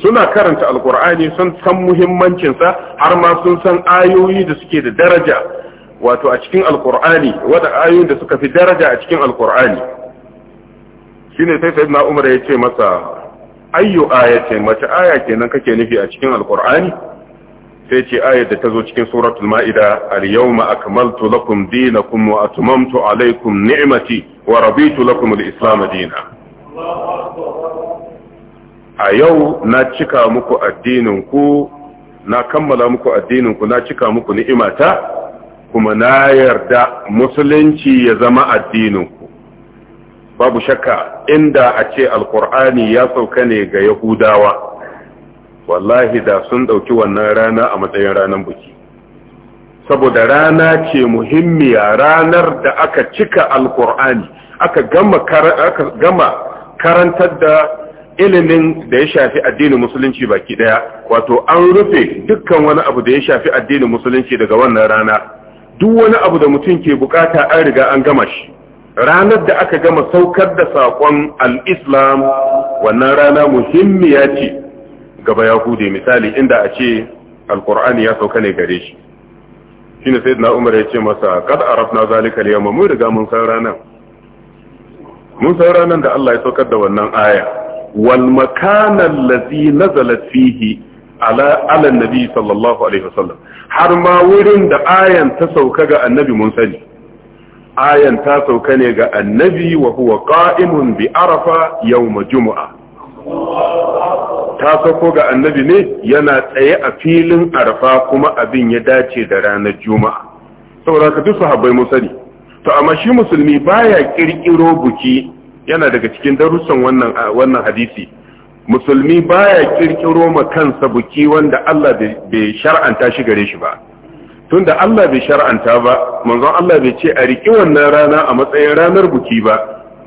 suna karanta alqur'ani sun san muhimmancin har ma sun san ayoyi da suke da daraja wato a cikin alqur'ani wata ayoyin da suka fi daraja a cikin alqur'ani shine sai sayyidina umar ya ce masa ayyu ayatin wace aya kenan kake nufi a cikin alqur'ani sai ce ayat da tazo cikin suratul maida al-yawma akmaltu lakum dinakum wa atmamtu alaykum ni'mati wa raditu lakum al-islam dinan a yau na cika muku addinin ku na kammala muku addinin ku na cika muku ni'imata kuma na yarda musulunci ya zama addinin ku babu shakka inda a ce alkur'ani ya sauka ne ga yahudawa wallahi da sun ɗauki wannan rana a matsayin ranar buki saboda rana ce muhimmiya ranar da aka cika alkur'ani aka gama karantar da ilimin da ya shafi addinin musulunci baki daya wato an rufe dukkan wani abu da ya shafi addinin musulunci daga wannan rana duk wani abu da mutum ke bukata an riga an gama shi ranar da aka gama saukar da saƙon al'islam wannan rana muhimmiya ce gaba yahudi misali inda a ce alƙur'ani ya sauka ne gare shi shi ne sai umar ya ce masa kad arafna zalika yamma mun riga mun san ranar mun san ranar da Allah ya saukar da wannan aya wal makanan lazi nazalat fihi ala sallallahu alaihi wasallam har ma wurin da ayan ta sauka ga annabi mun sani ayan ta sauka ne ga annabi wa huwa qa'imun bi arafa yawm jumu'a ta sauko ga annabi ne yana tsaye a filin arafa kuma abin ya dace da ranar juma'a saboda ka duk sahabbai mun sani to amma shi musulmi baya kirkiro buki yana daga cikin darussan wannan wannan hadisi musulmi baya kirkiro ma kansa buki wanda Allah bai shar'anta shi gare shi ba tunda Allah bai shar'anta ba manzon Allah bai ce a riki wannan rana a matsayin ranar buki ba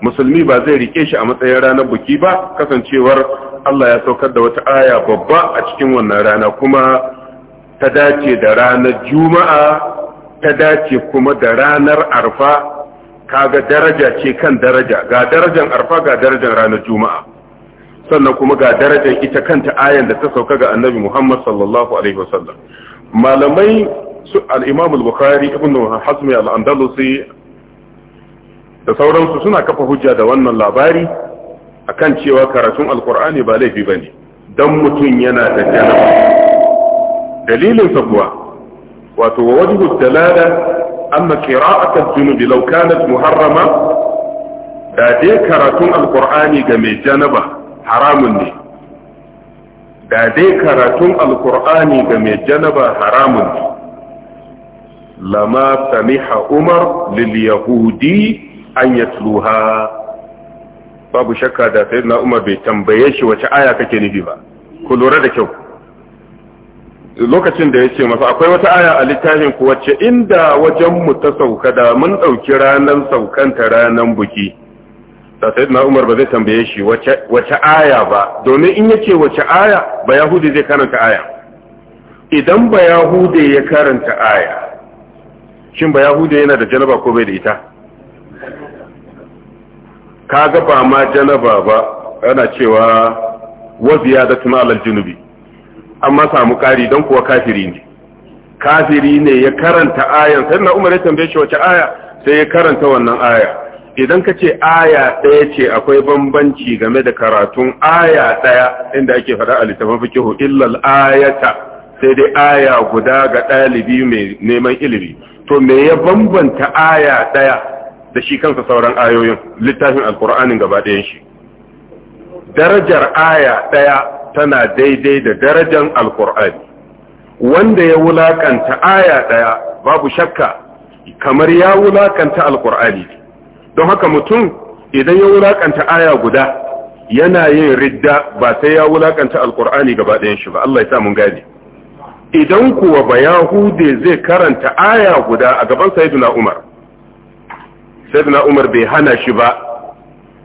musulmi ba zai riƙe shi a matsayin ranar buki ba kasancewar Allah ya saukar da wata aya babba a cikin wannan rana kuma ta dace da ranar juma'a ta dace kuma da ranar arfa kaga daraja ce kan daraja ga darajar arfa ga darajar ranar juma'a sannan kuma ga darajar ita kanta ayan da ta sauka ga annabi Muhammad sallallahu alaihi wasallam malamai su al al-bukhari ibn hazm al-andalusi da sauransu suna kafa hujja da wannan labari akan cewa karatun alkur'ani ba laifi bane dan mutum yana da janaba dalilin kuwa wato wajhu dalala anna qira'at al-junub law kanat muharrama da dai karatun alkur'ani ga mai janaba haramun ne da dai karatun alkur'ani ga mai janaba haramun lama samiha umar lil yahudi an yatluha babu shakka da sai na umar bai tambaye shi wace aya kake nufi ba ku lura da kyau lokacin da ya ce masa akwai wata aya a littafin ku wacce inda wajen mu ta sauka da mun ɗauki ranar saukanta ranar buki da na Umar ba zai tambaye shi wace aya ba domin in yace wace aya ba yahudi zai karanta aya idan ba yahudi ya karanta aya shin ba yahudi yana da janaba ko bai da ita kaga ba ma janaba ba ana cewa wa ziyadatun alal junubi amma samu kari don kuwa kafiri ne kafiri ne ya karanta ayan na Umar ya tambaye shi wace aya sai ya karanta wannan aya idan ka ce aya ɗaya ce akwai bambanci game da karatun aya ɗaya inda ake faɗa a littafin fikihu illal ayata sai dai aya guda ga ɗalibi mai neman ilimi to me ya bambanta aya ɗaya da shi kansa sauran ayoyin littafin alkur'anin gaba ɗayan shi darajar aya ɗaya tana daidai da darajar alkur'ani wanda ya wulakanta aya ɗaya babu shakka kamar ya wulakanta alkur'ani don haka mutum idan ya wulakanta aya guda yana yin ridda ba sai ya wulakanta alkur'ani gaba ɗayan shi ba Allah ya sa mun gane idan kuwa ba yahude zai karanta aya guda a gaban sayyiduna umar sayyiduna umar bai hana shi ba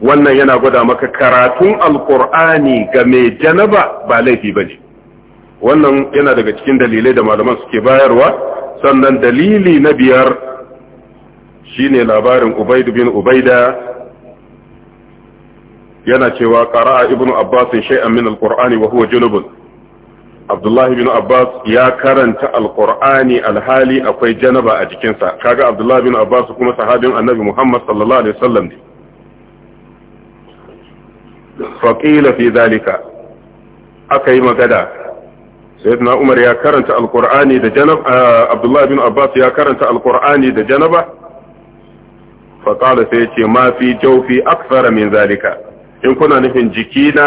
wannan yana gwada maka karatun alkur'ani ga mai janaba ba laifi ba ne. wannan yana daga cikin dalilai da malaman suke bayarwa sannan dalili na biyar shine labarin ubaid bin ubaida yana cewa qara'a ibnu abbas shay'an min Al-ƙur'ani alqur'ani wa huwa junubun abdullahi bin abbas ya karanta al alqur'ani alhali akwai janaba a jikinsa kaga abdullahi bin abbas kuma sahabin annabi muhammad sallallahu alaihi wasallam ne faqila fi zalika aka yi magana sayyidina umar ya karanta alqur'ani da janaba abdullahi bin abbas ya karanta al alqur'ani da janaba fa sai yace mafi, fi jawfi akthar min zalika in kuna nufin jikina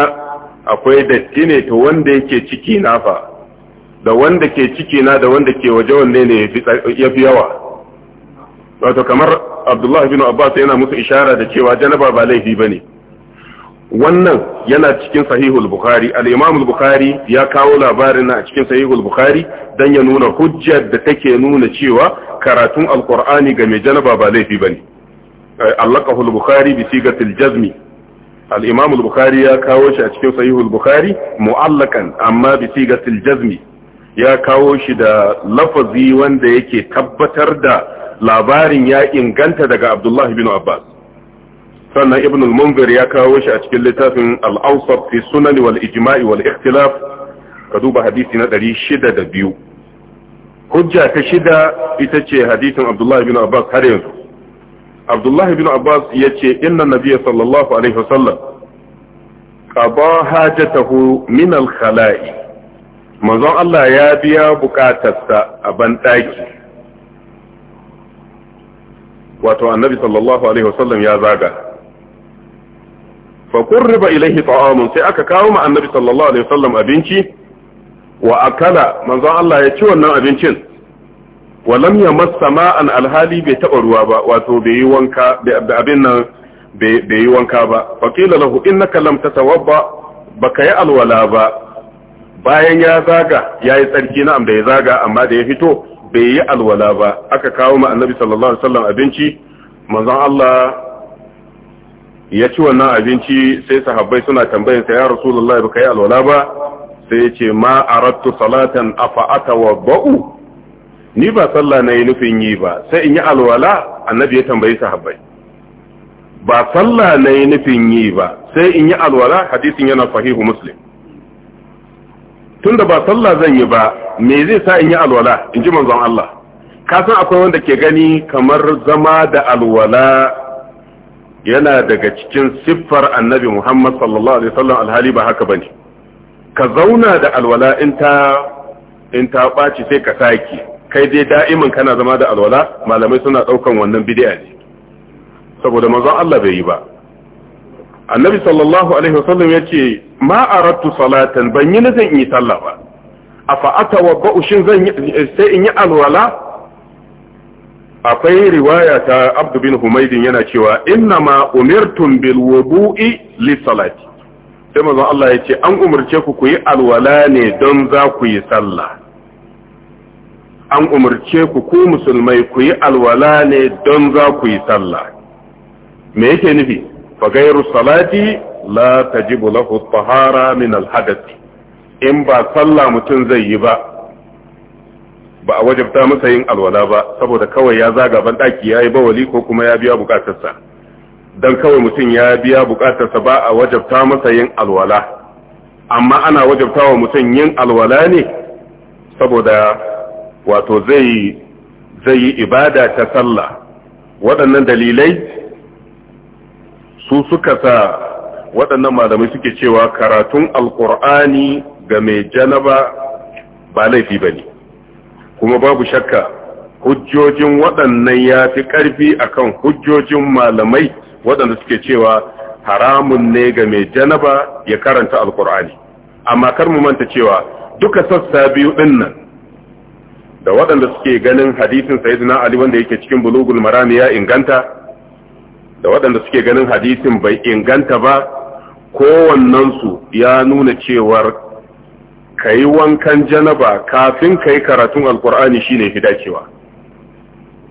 akwai datti ne to wanda yake ciki fa da wanda ke ciki da wanda ke waje wanne ne yafi yawa wato kamar Abdullahi bin Abbas yana musu ishara da cewa janaba ba laifi bane wannan yana cikin sahihul bukhari al-imam bukhari ya kawo labarin a cikin sahihul bukhari dan ya nuna hujjar da take nuna cewa karatun Alkur'ani ga mai janaba ba laifi bane Eh, allakahu al-bukhari bi sigatil jazmi al bukhari ya kawo shi a cikin sahih al mu'allakan amma bi sigatil ya kawo shi da lafazi wanda yake tabbatar da labarin ya inganta daga Abdullah ibn Abbas sannan ibn al-munzir ya kawo shi a cikin littafin al-awsat fi sunan wal ijma'i wal ikhtilaf ka duba hadisi na shida da biyu hujja ta shida ita ce hadisin Abdullah ibn Abbas har yanzu abdullahi bin abbas ya ce inna nabiya sallallahu alaihi wasallam qaba hajatahu min al-khala'i manzon Allah ya biya bukatarsa a banɗaki wato annabi sallallahu alaihi wasallam ya zaga fa qurriba ilaihi ta'amun sai aka kawo ma annabi sallallahu alaihi wasallam abinci wa akala manzon Allah ya ci wannan abincin walam ya masa ma'an alhali bai taɓa ruwa ba wato bai yi wanka abin nan bai yi wanka ba faƙila lahu innaka lam tatawabba baka yi alwala ba bayan ya zaga ya yi tsarki na da ya zaga amma da ya fito bai yi alwala ba aka kawo ma annabi sallallahu alaihi wasallam abinci manzon Allah ya ci wannan abinci sai sahabbai suna tambayin sa ya rasulullahi baka yi alwala ba sai ya ce ma aradtu salatan afa atawabba'u ni ba sallah na yi nufin yi ba sai in yi alwala annabi ya tambayi sahabbai ba sallah na yi nufin yi ba sai in yi alwala hadisin yana sahihu muslim tunda ba sallah zan yi ba me zai sa in yi alwala in ji manzon Allah ka san akwai wanda ke gani kamar zama da alwala yana daga cikin siffar annabi Muhammad sallallahu alaihi wasallam alhali ba haka bane ka zauna da alwala in ta in ta ɓaci sai ka sake kai dai da'iman kana zama da alwala malamai suna daukan wannan bid'a ne saboda manzon Allah bai yi ba annabi sallallahu alaihi wasallam yace ma aradtu salatan ban yi zan yi sallah ba afa atawadda shin zan sai in yi alwala akwai riwaya ta abdu bin humaydin yana cewa inna ma umirtum bil wudu'i li salati sai manzon Allah yace an umurce ku ku yi alwala ne don za ku yi sallah an umarce ku ku musulmai ku yi alwala ne don za ku yi sallah me yake nufi fa gairu salati la tajibu lahu tahara min alhadath in ba sallah mutum zai yi ba ba a wajabta masa yin alwala ba saboda kawai ya zaga ban daki yayi bawali ko kuma ya biya bukatarsa dan kawai mutum ya biya bukatarsa ba a wajabta masa yin alwala amma ana wajabta wa mutum yin alwala ne saboda wato zai zai yi ibada ta sallah waɗannan dalilai su suka sa waɗannan malamai suke cewa karatun Alkur'ani ga mai janaba ba laifi ba ne kuma babu shakka hujjojin waɗannan ya fi ƙarfi akan hujjojin malamai waɗanda suke cewa haramun ne ga mai janaba ya karanta Alkur'ani. amma kar mu manta cewa duka sassa biyu ɗin nan da waɗanda suke ganin hadisin sayyidina ali wanda yake cikin bulugul marami ya inganta da waɗanda suke ganin hadisin bai inganta ba su ya nuna cewar ka wankan janaba kafin ka yi karatun alkur'ani shine fi dacewa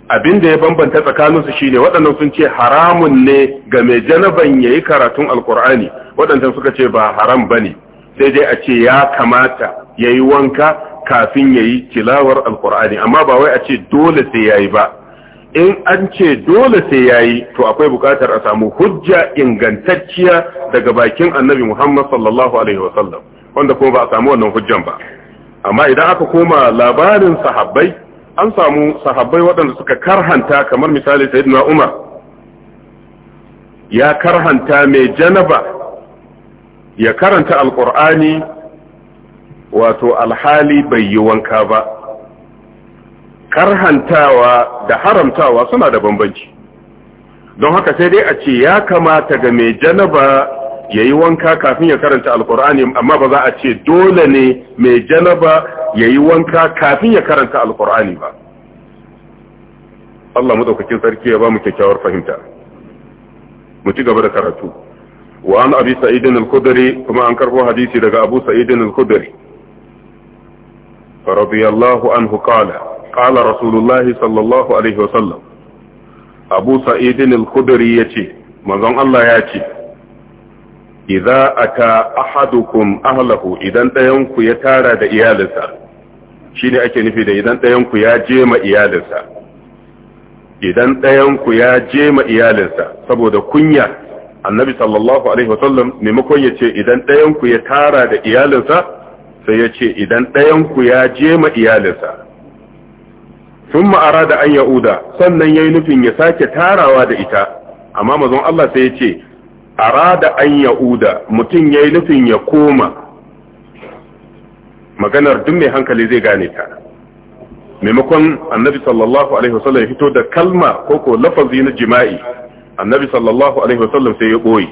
abin da ya bambanta tsakaninsu shine waɗannan sun ce haramun ne ga mai janaban yayi yi karatun alkur'ani waɗanda suka ce ba haram bane sai dai a ce ya kamata yayi wanka kafin ya yi tilawar alkur'ani amma ba wai a ce dole sai ya yi ba in an ce dole sai ya yi to akwai bukatar a samu hujja ingantacciya daga bakin annabi muhammad sallallahu alaihi wasallam wanda kuma ba a samu wannan hujjan ba amma idan aka koma labarin sahabbai an samu sahabbai waɗanda suka karhanta kamar misali sayyidina umar ya karhanta mai janaba ya karanta alkur'ani wato alhali bai yi wanka ba karhantawa da haramtawa suna da bambanci don haka sai dai a ce ya kamata ga mai janaba ya yi wanka kafin ya karanta alkur'ani amma ba za a ce dole ne mai janaba ya yi wanka kafin ya karanta alkur'ani ba Allah madaukakin sarki ya ba mu kyakkyawar fahimta mu ci gaba da karatu wa an abi sa'idin al-khudri kuma an karbo hadisi daga abu sa'idin al-khudri رضي Anhu عنه قال قال رسول الله صلى الله عليه وسلم أبو سعيد الخدري يتي manzon Allah ya ce, Iza aka ahadukum ahlahu idan ɗayanku ya tara da iyalinsa, shi ake nufi da idan ɗayanku ya jema iyalinsa, idan ɗayanku ya jema iyalinsa saboda kunya, annabi sallallahu Alaihi wasallam maimakon ya ce idan ɗayanku ya tara da iyalinsa sai ya ce idan ɗayanku ya je ma iyalinsa sun ma'ara da an ya'uda sannan ya yi nufin ya sake tarawa da ita amma mazan Allah sai ya ce ara da an ya'uda mutum ya yi nufin ya koma maganar duk mai hankali zai gane ta maimakon annabi sallallahu alaihi wasallam ya fito da kalma ko ko lafazi na jima'i annabi sallallahu alaihi wasallam sai ya ɓoye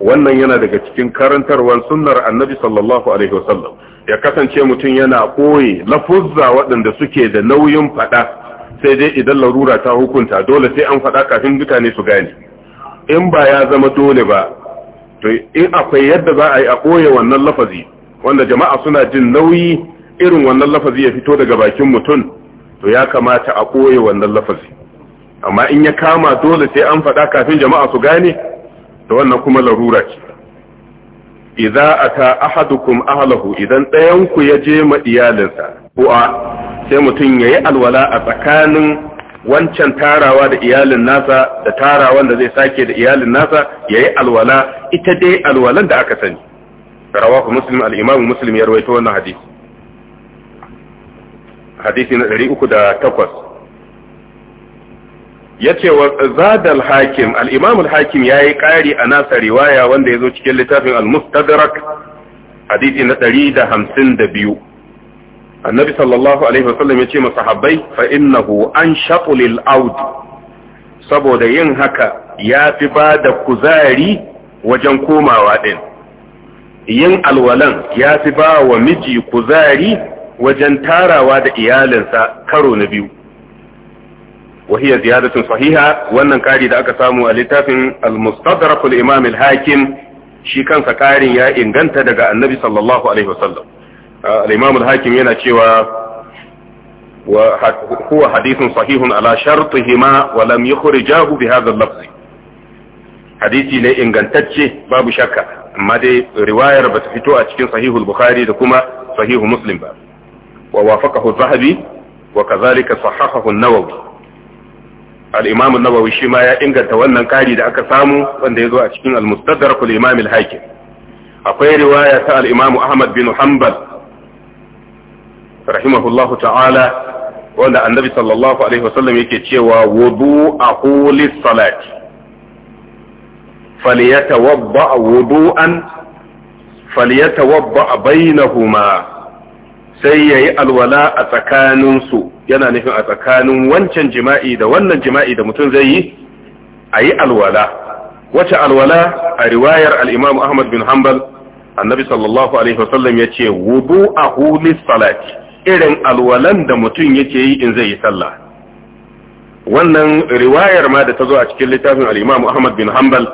wannan yana daga cikin karantarwar sunnar annabi sallallahu alaihi wasallam ya kasance mutum yana koyi lafuzza waɗanda suke da nauyin faɗa sai dai idan larura ta hukunta dole sai an faɗa kafin mutane su gane in ba ya zama dole ba to in akwai yadda za a yi a koye wannan lafazi wanda jama'a suna jin nauyi irin wannan lafazi ya fito daga bakin mutum to ya kamata a koye wannan lafazi amma in ya kama dole sai an faɗa kafin jama'a su gane da wannan kuma larura ce idza ata ahadukum ahlahu idan ɗayan ku ya je ma iyalinsa ko a sai mutum yayi alwala a tsakanin wancan tarawa da iyalin nasa da tarawan da zai sake da iyalin nasa yayi alwala ita dai alwalan da aka sani rawahu muslim al-imam muslim ya rawaito wannan hadisi hadisi na 308 ce wa zadal hakim al hakim ya hakim yayi kari a nasa riwaya wanda zo cikin littafin al-mustadrak hadisi na biyu annabi sallallahu alaihi wasallam yace ma sahabbai fa innahu an lil aud saboda yin haka yafi bada kuzari wajen komawa din yin alwalan ya ba wa miji kuzari wajen tarawa da iyalinsa karo na biyu wa hiya ziyadatun sahiha wannan kari da aka samu a littafin al-mustadrak al-imam al-hakim shi kansa karin ya inganta daga annabi sallallahu alaihi wasallam al yana cewa wa huwa sahihun ala shartihima wa lam yukhrijahu bi hadisi ne ingantacce babu shakka amma dai riwayar bata fito a cikin sahihul da kuma sahihu wa zahabi wa nawawi al-imam shi ma ya inganta wannan kari da aka samu wanda yazo a cikin al-mustadrak al-imam al-hakim akwai riwaya ta al-imam ahmad bin hanbal rahimahullahu ta'ala wanda annabi sallallahu alaihi wasallam yake cewa a lis-salati falyatawadda wudu'an a bainahuma sai yayi alwala a tsakaninsu yana nufin a tsakanin wancan jima'i da wannan jima'i da mutum zai yi a yi alwala wace alwala a riwayar al'imam ahmad bin hanbal annabi sallallahu alaihi wasallam ya ce wudu a hulis salati irin alwalan da mutum yake yi in zai yi sallah wannan riwayar ma da ta zo a cikin littafin al'imam ahmad bin hanbal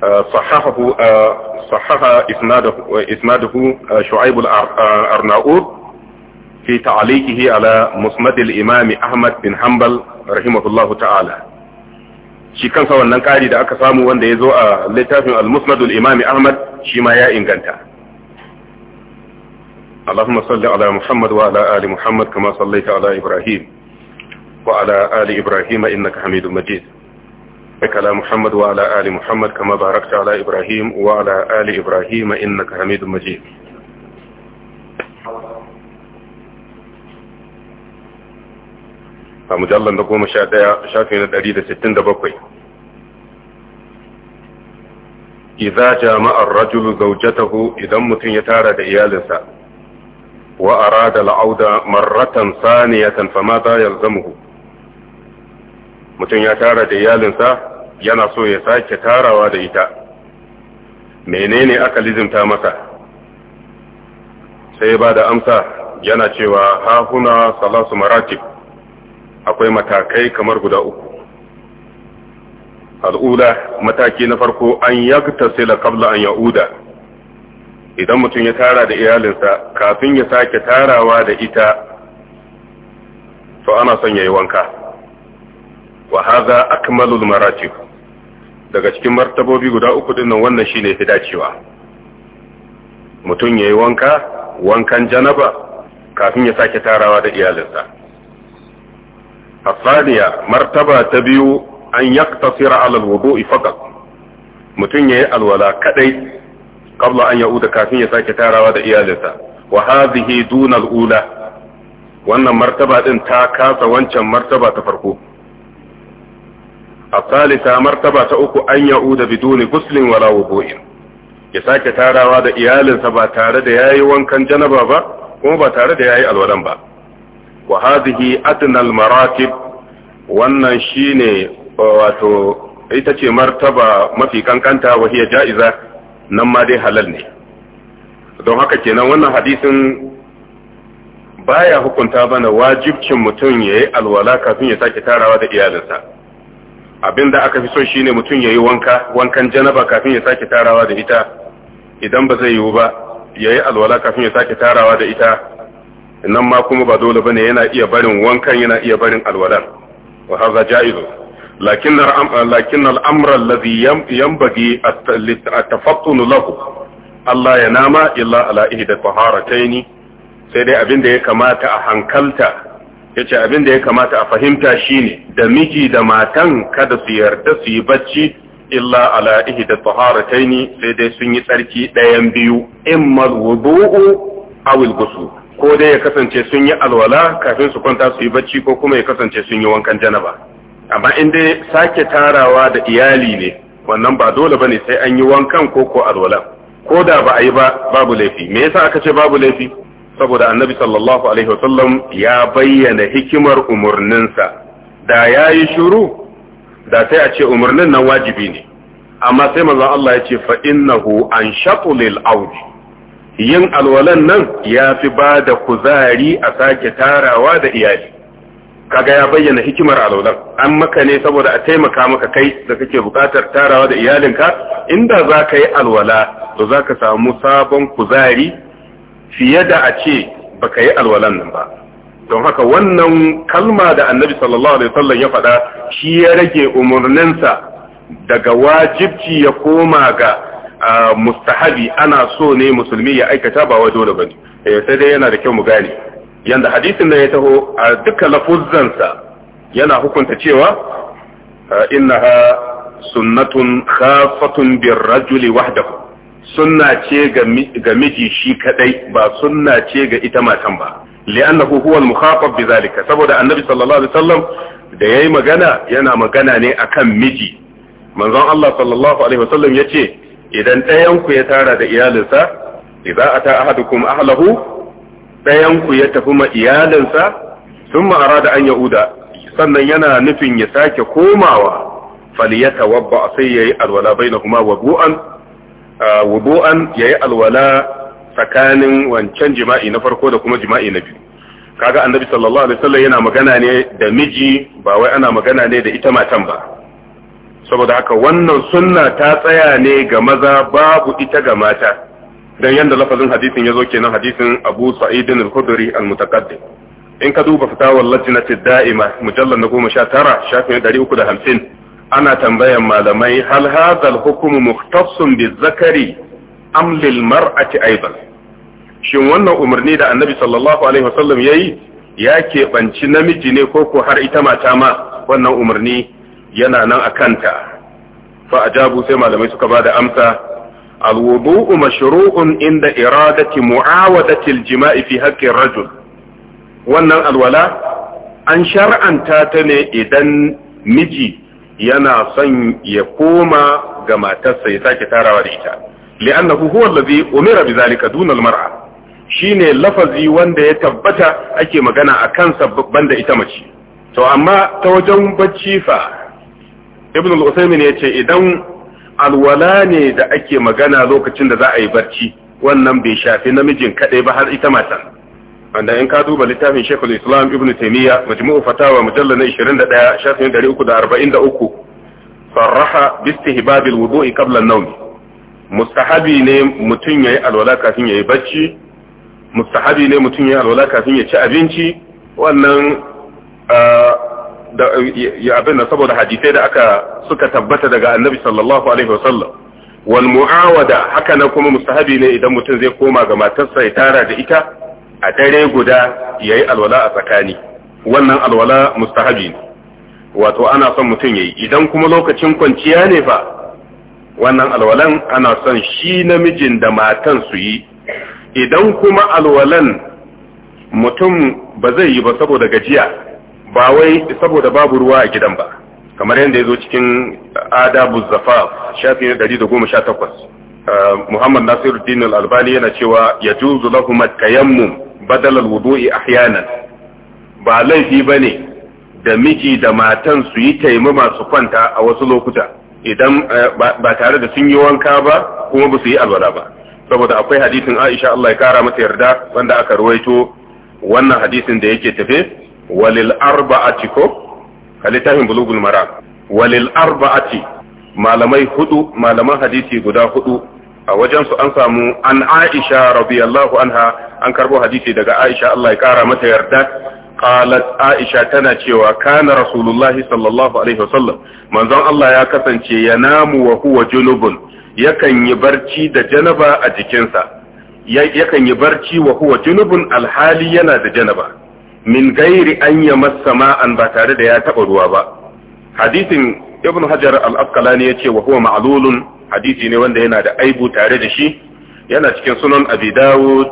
uh, uh, sahaha isnadahu uh, shu'aibul arna'ud في تعليقه على مسند الإمام أحمد بن حنبل رحمه الله تعالى shi kansa wannan ƙari da aka samu wanda ya zo a littafin al-musnadul imami ahmad shi ma ya inganta Allahumma salli ala Muhammad wa ala ali Muhammad kama sallaita ala Ibrahim wa ala ali Ibrahim innaka Hamidum Majid بارك على محمد وعلى آل محمد كما باركت على إبراهيم وعلى آل إبراهيم إنك hamidu مجيد a mujallar da goma sha ɗaya shafi na ɗari da sittin da bakwai Iza jama'ar rajulu zaujatahu idan mutum ya tara da iyalinsa wa arada ya marratan saniyatan ya za yalzamuhu mutum ya tara da iyalinsa yana so ya sake tarawa da ita menene aka lizimta masa sai ba da amsa yana cewa hahuna salasu maratib akwai matakai kamar guda uku al'ula mataki na farko an yagtasila qabla an ya'uda idan mutum ya tara da iyalinsa kafin ya sake tarawa da ita to ana son yayi wanka wa hadha akmalul maratib daga cikin martabobi guda uku dinnan wannan shine fi dacewa mutum yayi wanka wankan janaba kafin ya sake tarawa da iyalinsa الثانية مرتبة تبيو أن يقتصر على الوضوء فقط متن الولاء كدي قبل أن يعود كافين يساك تارا ودا إيالتا وهذه دون الأولى وأن مرتبة إن تاكاس وانشا مرتبة تفرقو الثالثة مرتبة أكو أن يعود بدون غسل ولا وضوء يساك تارا ودا إيالتا با تارا دا ياي وان كان جنبا با وما با تارا دا ياي الولان با wa hadhihi atnal maratib wannan shine uh, wato ita ce martaba mafi kankanta wa hiya ja'iza nan ma dai halal ne don haka kenan wannan hadisin baya hukunta bana wajibcin mutum yayi alwala kafin ya sake tarawa da iyalinsa abinda aka fi so shine mutum yayi wanka wankan janaba kafin ya sake tarawa da ita idan ba zai yiwu ba yayi alwala kafin ya sake tarawa da ita nan ma kuma ba dole bane yana iya barin wankan yana iya barin alwalar wa hadha jaizu lakin lakin al-amr alladhi yanbaghi at-tafattun lahu Allah ya nama illa ala ihda taharataini sai dai abin da ya kamata a hankalta yace abin da ya kamata a fahimta shine da miji da matan kada su yarda su yi bacci illa ala ihda taharataini sai dai sun yi tsarki ɗayan biyu immal wudu'u aw al-ghusl ko dai ya kasance sun yi alwala kafin su kwanta su yi bacci ko kuma ya kasance sun yi wankan janaba amma in dai sake tarawa da iyali ne wannan ba dole bane sai an yi wankan ko ko alwala ko da ba a yi ba babu laifi me yasa aka ce babu laifi saboda annabi sallallahu alaihi wasallam ya bayyana hikimar umarninsa da ya yi shuru da sai a ce umarnin nan wajibi ne amma sai manzon Allah ya ce fa innahu an shaqulil audi yin alwalan nan ya fi ba da kuzari a sake tarawa da iyali kaga ya bayyana hikimar alwalan an maka ne saboda a taimaka maka kai da kake bukatar tarawa da iyalinka inda za ka yi alwala to za ka samu sabon kuzari fiye da a ce ba ka yi alwalan nan ba don haka wannan kalma da annabi sallallahu alaihi wasallam ya faɗa shi ya rage umarninsa daga wajibci ya koma ga mustahabi ana so ne musulmi ya aikata ba wa dole bane eh, sai dai yana da kyau mu gane yanda hadisin da ya taho a duka lafuzansa yana hukunta cewa innaha sunnatun khafatun birrajuli wahdahu sunna ce ga miji shi kadai ba sunna ce ga ita matan ba li'annahu huwa al-mukhafaf bizalika saboda annabi sallallahu alaihi wasallam da yayi magana yana magana ne akan miji manzon Allah sallallahu alaihi wasallam yace idan ɗayanku ya tara da iyalinsa idza ata ahadukum ahlahu ɗayan ku ya tafi ma iyalinsa ma'ara da an yauda sannan yana nufin ya sake komawa falyatawabba sai yayi alwala bainahuma wudu'an wudu'an yayi alwala tsakanin wancan jima'i na farko da kuma jima'i na biyu kaga annabi sallallahu alaihi wasallam yana magana ne da miji ba wai ana magana ne da ita matan ba saboda haka wannan sunna ta tsaya ne ga maza babu ita ga mata dan yadda lafazin hadisin zo kenan hadisin Abu Sa'id al-Khudri al-Mutaqaddim in ka duba fatawar lajnati da'ima mujallal na tara shafin 350 ana tambayan malamai hal hadha al-hukm mukhtassun bizakari am lil mar'ati aidan shin wannan umarni da annabi sallallahu alaihi wasallam yayi ya banci namiji ne ko ko har ita mata ma wannan umarni yana nan a kanta fa ajabu sai malamai suka bada amsa alwudu'u mashru'un inda iradati mu'awadati aljima'i fi haqqi rajul wannan alwala an shar'anta ta ne idan miji yana son ya koma ga matarsa ya sake tarawa da ita li'annahu huwa allazi umira bizalika duna almar'a shine lafazi wanda ya tabbata ake magana a kansa banda ita mace to amma ta wajen bacci fa ibn al-usaymin ya ce idan alwala ne da ake magana lokacin da za a yi barci wannan bai shafi namijin kadai ba har ita mata wanda in ka duba littafin shekul islam ibn taimiyya majmu'u fatawa mujalla na 21 shafin 343 sarraha bistihbabil wudu'i qabla an-nawm mustahabi ne mutum yayi alwala kafin yayi barci mustahabi ne mutum yayi alwala kafin ya ci abinci wannan ah, ya abin saboda hadisai da aka suka tabbata daga annabi sallallahu alaihi wasallam wal mu'awada haka na kuma mustahabi ne idan mutum zai koma ga matarsa ya tara da ita a dare guda yayi alwala a tsakani wannan alwala mustahabi ne wato ana son mutum yayi idan kuma lokacin kwanciya ne fa wannan alwalan ana son shi namijin da matan su yi idan kuma alwalan mutum ba zai yi ba saboda gajiya ba wai saboda babu ruwa a gidan ba kamar yadda ya zo cikin adabu zafaf shafi sha takwas uh, muhammad nasiru dinar albani yana cewa ya juzu lahum tayammum badal al-wudu'i ahyanan ba laifi bane da miji da matan su yi taimama su kwanta a wasu lokuta idan uh, ba tare da sun yi wanka ba kuma ba su yi alwala ba saboda akwai hadisin Aisha Allah ya kara mata yarda wanda aka ruwaito wannan hadisin da yake tafe walil arba'ati ko a bulugul mara walil arba'ati malamai hudu malaman hadisi guda hudu a wajen su an samu an Aisha radiyallahu anha an karbo hadisi daga Aisha Allah ya kara mata yarda qalat Aisha tana cewa kana rasulullahi sallallahu alaihi wasallam manzon Allah ya kasance yanamu wa huwa junubun yakan yi barci da janaba a jikinsa yakan yi barci wa huwa junubun alhali yana da janaba min gairi an ya masa ma'an ba tare da ya taɓa ruwa ba hadisin ibn hajar al-asqalani ya wa huwa ma'lulun hadisi ne wanda yana da aibu tare da shi yana cikin sunan abi dawud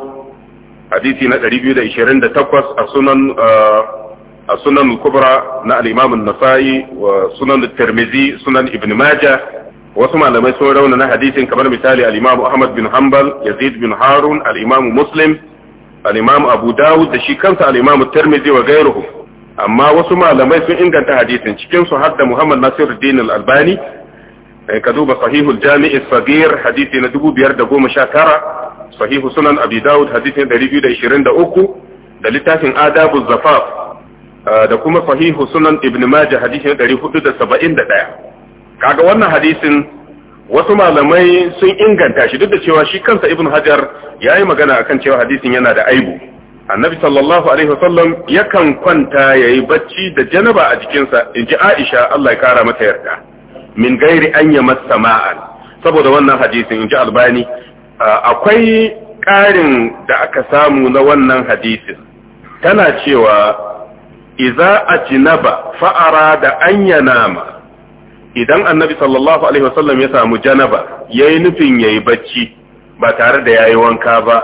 hadisi na 228 a sunan uh, a sunan kubra na al-imam nasai wa sunan at-tirmidhi sunan ibn majah wasu malamai sun rauna na hadisin kamar misali al-imam ahmad bin hanbal yazid bin harun al-imam muslim Al'imam abu dawud da shi kansa Al'imam imam wa Gairuhu amma wasu malamai sun inganta hadisin cikinsu su hadda muhammad nasiruddin al-albani eh, ka duba sahihul jami'i sagir hadisi na 519 sahihu sunan Abu dawud hadisi na 223 da littafin adabu zafaf eh, da kuma sahihu sunan ibn majah hadisi na 471 kaga wannan hadisin wasu malamai sun inganta shi duk da cewa shi kansa ibn hajar ya yi magana akan cewa hadisin yana da aibu annabi sallallahu alaihi wasallam yakan kwanta ya yi bacci da janaba a jikinsa in ji aisha allah ya kara mata yarda min gairi an ya ma'an. saboda wannan hadisin in ji albani akwai ƙarin da aka samu na wannan hadisin tana cewa iza a jinaba fa'ara da an ma idan annabi sallallahu alaihi wasallam ya samu janaba yayi nufin yayi bacci ba tare da yayi wanka ba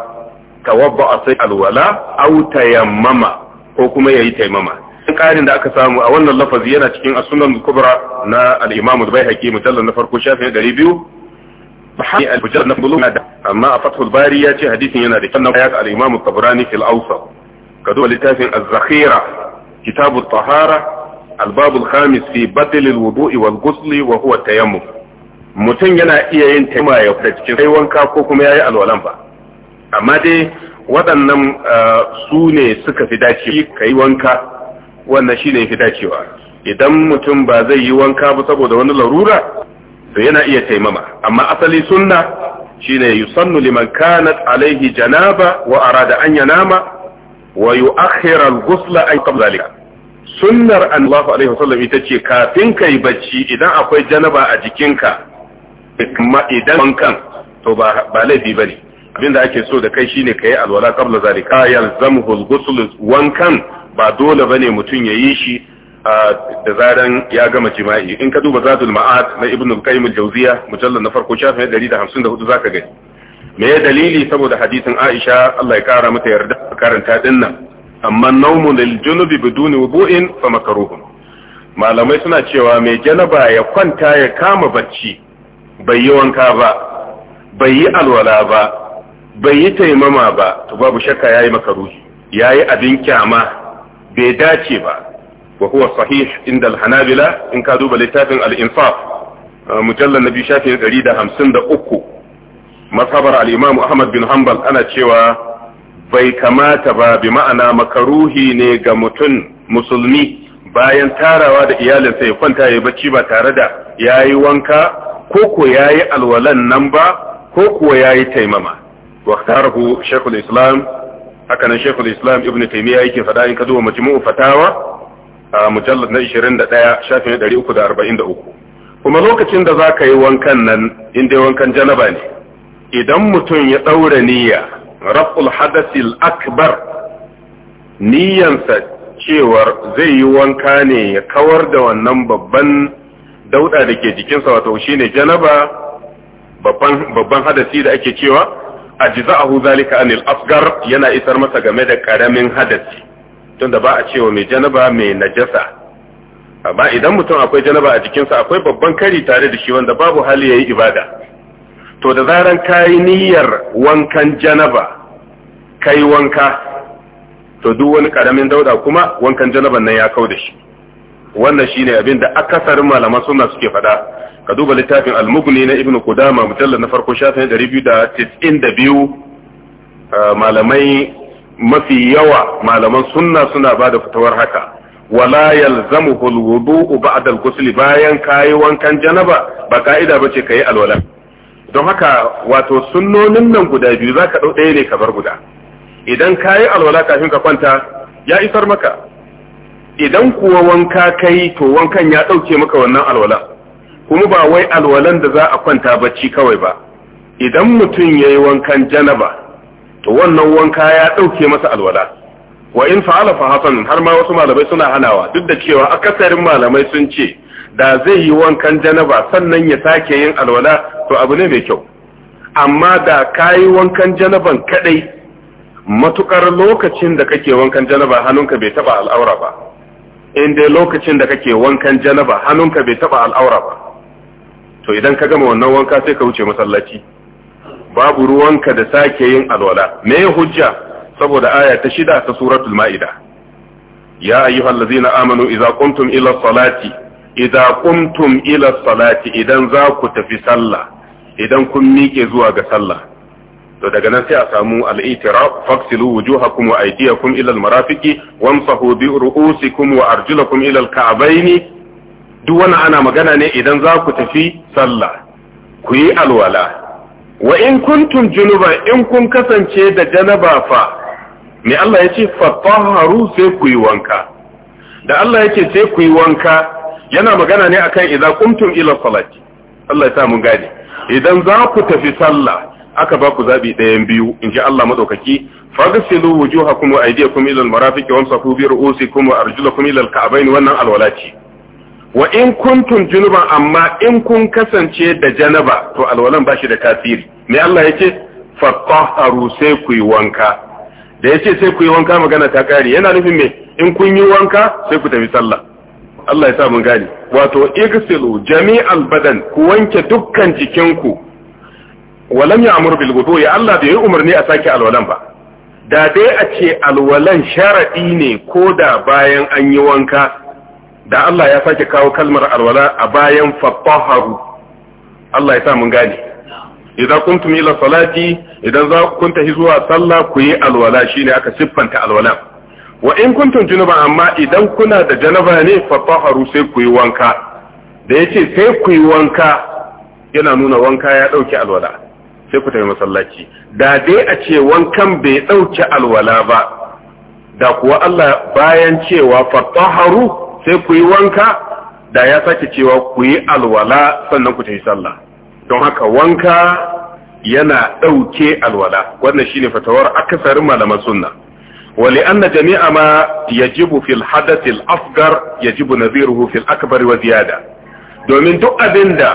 tawabba sai alwala aw tayammama ko kuma yayi taimama karin da aka samu a wannan lafazi yana cikin as-sunan kubra na al-imam al-baihaqi mujallal na farko shafi 200 bahani al-mujallal na bulugh amma a fathul bari ya ce hadisin yana da kanna ayat al-imam al-tabrani fil awsat kadu littafin az-zakhira kitab at-tahara albabul khamis fi batilil wudu'i wal ghusli wa mutum yana iya yin taimma ya da cikin sai wanka ko kuma ya alwalan ba amma dai waɗannan su ne suka fi dace kai wanka wannan ne fi dacewa idan mutum ba zai yi wanka ba saboda wani larura to yana iya taimama amma asali sunna shine sannu liman kanat alaihi janaba wa arada an yanama wa yu'akhkhira al-ghusla ay qabla sunnar allahu alaihi wasallam ita ce kafin kai bacci idan akwai janaba a jikinka kuma idan wankan to ba ba laifi bane abinda ake so da kai shine kai alwala qabla zalika yalzamuhu alghusl wankan ba dole bane mutun yayi shi da zaran ya gama jima'i in ka duba zadul ma'ad na ibnu qayyim al mujallal na farko shafin 154 zaka gani me dalili saboda hadisin Aisha Allah ya kara mata yarda karanta dinnan amma naumun lil junubi biduni wudu'in fa makruhun malamai suna cewa mai janaba ya kwanta ya kama bacci bai yi wanka ba bai yi alwala ba bai yi taimama ba to babu shakka yayi makaruhi yayi abin kyama bai dace ba wa huwa sahih inda al-hanabila in ka duba littafin al-infaq mujallal nabi shafi 153 mazhabar al-imam ahmad bin hanbal ana cewa bai kamata ba bi ma'ana makaruhi ne ga mutum musulmi bayan tarawa da iyalinsa ya kwanta ya bacci ba tare da ya yi wanka ko ko ya yi alwalan nan ba ko kuwa ya yi taimama waktarahu shekul islam hakanan shekul islam ibn taimiyya yake faɗa in ka zuwa majmu'u fatawa a mujallar na 21 shafin 343 kuma lokacin da za ka yi wankan nan inda wankan janaba ne idan mutum ya ɗaura niyya raf'ul hadasil akbar sa cewar zai yi wanka ne ya kawar da wannan babban dauda da ke jikinsa wato shine janaba babban hadasi da ake cewa ajza'ahu zalika anil asgar yana isar masa game da karamin hadasi tunda ba a cewa mai janaba mai najasa amma idan mutum akwai janaba a jikinsa akwai babban kari tare da shi wanda babu hali yayi ibada to da zaran ka yi niyyar wankan janaba ka yi wanka to duk wani karamin dauda kuma wankan janaban nan ya kau da shi wannan shine abin da akasarin malaman sunna suke faɗa ka duba littafin al na ibnu Kudama, mujallar na farko shafin biyu. Uh, malamai mafi yawa malaman sunna suna ba da fitowar haka wala yalzamuhu al ba'da al-ghusl bayan kayi wankan janaba ba ka'ida bace kayi alwala don haka wato sunnonin nan guda biyu za ka ɗau ɗaya ne ka bar guda idan ka yi alwala kafin ka kwanta ya isar maka idan kuwa wanka kai to wankan ya ɗauke maka wannan alwala kuma ba wai alwalan da za a kwanta bacci kawai ba idan mutum ya yi wankan janaba to wannan wanka ya ɗauke masa alwala wa in fa'ala fa hasan har ma wasu malamai suna hanawa duk da cewa akasarin malamai sun ce da zai yi wankan janaba sannan ya sake yin alwala to abu ne mai kyau amma da kayi wankan janaban kadai matukar lokacin da kake wankan janaba hannunka bai taba al'aura ba in dai lokacin da kake wankan janaba hannunka bai taba al'aura ba to idan ka gama wannan wanka sai ka wuce masallaci babu ruwanka da sake yin alwala me hujja saboda aya ta shida ta suratul ma'ida ya ayyuhallazina amanu idza qumtum ila salati idza qumtum ila salati idan za ku tafi sallah idan kun miƙe zuwa ga sallah to daga nan sai a samu al-i'tiraf faqsilu wujuhakum wa aydiyakum ila al-marafiqi wamsahu bi ru'usikum wa arjulakum ila duk wani ana magana ne idan za ku tafi sallah ku yi alwala wa in kuntum junuba in kun kasance da janaba fa me Allah yace fa tahharu sai ku yi wanka da Allah yake sai ku yi wanka yana magana ne akan idza qumtum ila salati Allah ya sa mun gane idan za ku tafi sallah aka ba ku zabi ɗayan biyu in ji Allah madaukaki fagsilu wujuhakum wa aydiyakum ila almarafiqi wamsahu bi ru'usikum wa arjulakum ila alka'bayn wannan alwalati wa in kuntum junuban amma in kun kasance da janaba to alwalan ba shi da tasiri me Allah yace fatahharu sai ku yi wanka da yace sai ku yi wanka magana ta kare yana nufin me in kun yi wanka sai ku tafi sallah Allah ya sa mun gane wato igsilu jami'al badan ku wanke dukkan jikinku walam ya'mur bil wudu ya Allah bai umarni a sake alwalan ba da dai a ce alwalan sharadi ne ko da bayan an yi wanka da Allah ya sake kawo kalmar alwala a bayan fattaharu Allah ya sa mun gane idan kuntum ila salati idan za ku kunta zuwa sallah ku yi alwala shine aka siffanta alwalan wa in kuntum junuban amma idan kuna da janaba ne fa sai ku yi wanka da yace sai ku yi wanka yana nuna wanka ya dauki alwala sai ku tafi masallaci da dai a ce wankan bai dauki alwala ba da kuwa Allah bayan cewa fa sai ku yi wanka da ya sake cewa ku yi alwala sannan ku tafi sallah don haka wanka yana dauke alwala wannan shine fatawar akasarin malaman sunna ولأن جميع ما يجب في الحدث الأصغر يجب نظيره في الأكبر وزيادة domin duk abinda da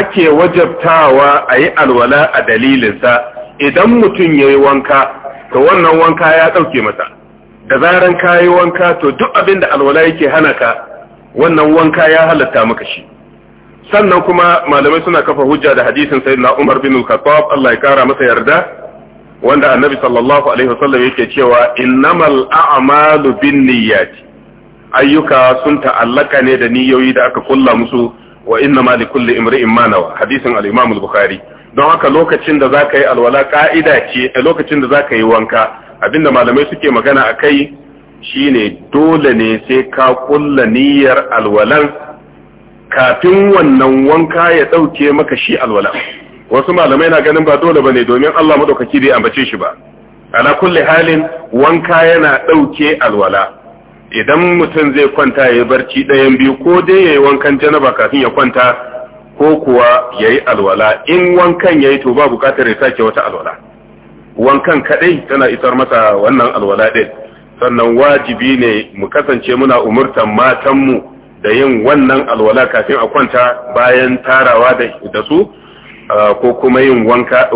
ake wajabtawa a yi alwala a dalilinsa idan mutum ya yi wanka to wannan wanka ya ɗauke masa da zaran ka yi wanka to duk abinda alwala yake hana ka wannan wanka ya halatta maka shi sannan kuma malamai suna kafa hujja da hadisin sayyidina Umar bin Khattab Allah ya kara masa yarda wanda annabi sallallahu alaihi wasallam yake cewa innamal a'malu binniyati ayyuka sun ta'allaka ne da niyoyi da aka kulla musu wa innama likulli imri'in ma nawa hadisin al-imam al-bukhari don haka lokacin da zaka yi alwala ka'ida ce eh, lokacin da zaka yi wanka abinda malamai suke magana akai shine dole ne sai ka kulla niyyar alwalan kafin wannan wanka ya dauke maka shi alwala wasu malamai na ganin ba dole bane domin Allah madaukaki bai ambace shi ba ala kulli halin wanka yana dauke alwala idan mutum zai kwanta yayi barci ɗayan biyu ko dai yayi wankan janaba kafin ya kwanta ko kuwa yayi alwala in wankan yayi to ba bukatar ya sake wata alwala wankan kadai tana isar masa wannan alwala din sannan wajibi ne mu kasance muna umurtan matanmu da yin wannan alwala kafin a kwanta bayan tarawa da su ko kuma yin wanka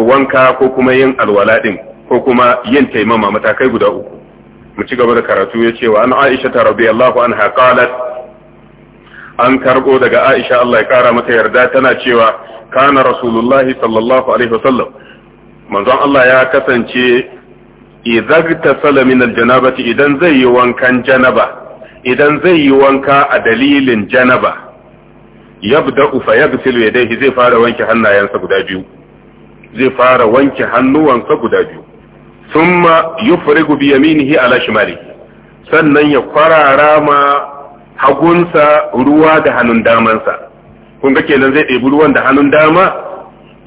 ko kuma yin alwala din ko kuma yin taimama matakai guda uku mu ci gaba da karatu ya cewa wa an aisha ta radiyallahu anha qalat an karbo daga aisha Allah ya ƙara mata yarda tana cewa kana rasulullahi sallallahu alaihi wasallam manzon Allah ya kasance idza tasala min aljanabati idan zai yi wankan janaba idan zai yi wanka a dalilin janaba yabda'u fa ya dai zai fara wanke hannayensa guda biyu zai fara wanke hannuwansa guda biyu summa yufrigu bi yaminihi ala shimali sannan ya kwarara ma hagunsa ruwa da hannun damansa kun ga kenan zai ɗebi ruwan da hannun dama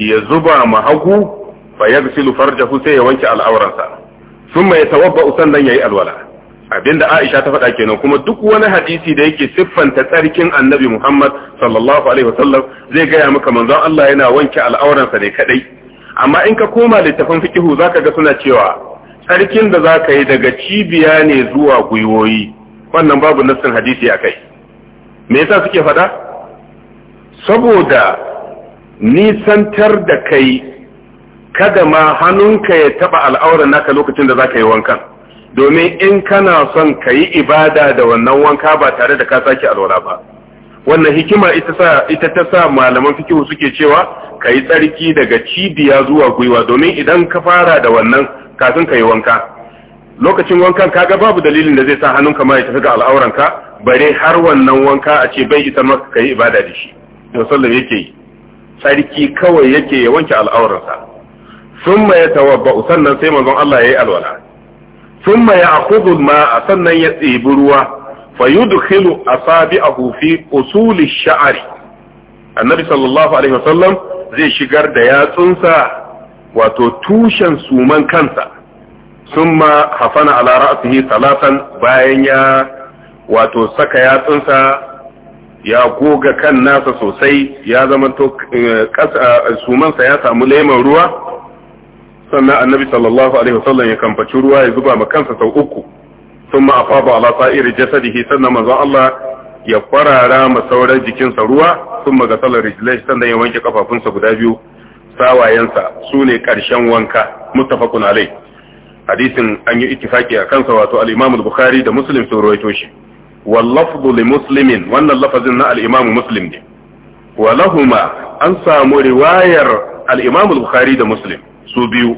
ya zuba ma hagu fa yaghsilu farjahu sai ya wanke al'auransa thumma yatawabba'u sannan yi alwala abinda Aisha ta faɗa kenan kuma duk wani hadisi da yake siffanta tsarkin Annabi Muhammad sallallahu alaihi wasallam zai gaya maka manzon Allah yana wanke al'auransa ne kadai amma in ka koma littafin fiqhu zaka ga suna cewa tsarkin da zaka yi daga cibiya ne zuwa gwiwoyi wannan babu nassin hadisi akai me yasa suke faɗa saboda nisantar da kai kada ma hannunka ya taba al'auran naka lokacin da zaka yi wankan domin in kana son ka yi ibada da wannan wanka ba tare da ka sake alwala ba wannan hikima ita ta sa malaman fikihu suke cewa ka yi tsarki daga cibiya zuwa gwiwa domin idan ka fara da wannan kafin ka yi wanka lokacin wankan kaga babu dalilin da zai sa hannunka ma ya tafi ga al'auranka bare har wannan wanka a ce bai ita maka yi ibada da shi to sallam yake yi Tsarki kawai yake ya wanke al'auransa ya tawabba'u sannan sai manzon Allah ya yi alwala thumma ya'khudhu al-ma'a sannan ya tsibi ruwa fa yudkhilu asabi'ahu fi usuli sha'ri annabi sallallahu alaihi wasallam zai shigar da yatsunsa wato tushen suman kansa summa hafana ala ra'sihi salatan bayan ya saka yatsunsa ya goga kan nasa sosai ya zama to eh, eh, sumansa ya samu leman ruwa sannan annabi sallallahu alaihi wasallam ya kamfaci ruwa ya zuba ma kansa sau uku sun ma afaba ala sa'iri jasadihi sannan manzon Allah ya farara ma sauran jikinsa ruwa sun ma gasalar rijlai sannan ya wanke kafafunsa guda biyu sawayensa su ne karshen wanka muttafaqun alai hadisin an yi ittifaki a kansa wato al-Imam bukhari da Muslim sun rawaito shi wal lafdhu li muslimin wannan lafazin na al-Imam Muslim ne wa lahuma an samu riwayar al-Imam bukhari da Muslim su biyu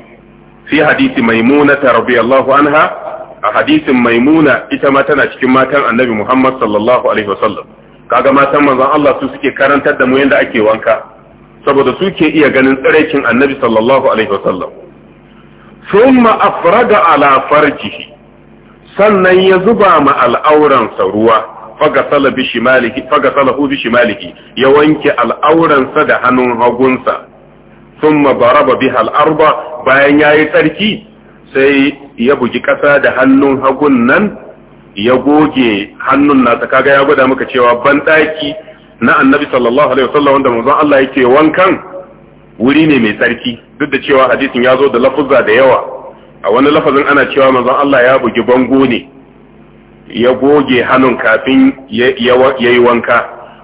fi hadisi maimuna ta radiyallahu anha a hadisin maimuna ita ma tana cikin matan annabi Muhammad sallallahu alaihi wasallam kaga matan manzon Allah su suke karantar da mu yanda ake wanka saboda su ke iya ganin tsiraicin annabi sallallahu alaihi wasallam thumma afraga ala farjihi sannan ya zuba ma al'auransa ruwa fagasalahu bi shimalihi ya wanke al'auransa da hannun hagunsa thumma baraba biha al-arba bayan yayi tsarki sai ya bugi ƙasa da hannun hagun nan ya goge hannun nasa kaga ya gwada maka cewa banɗaki na annabi sallallahu alaihi wasallam wanda manzon Allah yake wankan wuri ne mai tsarki duk da cewa hadisin ya zo da lafuzza da yawa a wani lafazin ana cewa manzon Allah ya bugi bango ne ya goge hannun kafin ya yi wanka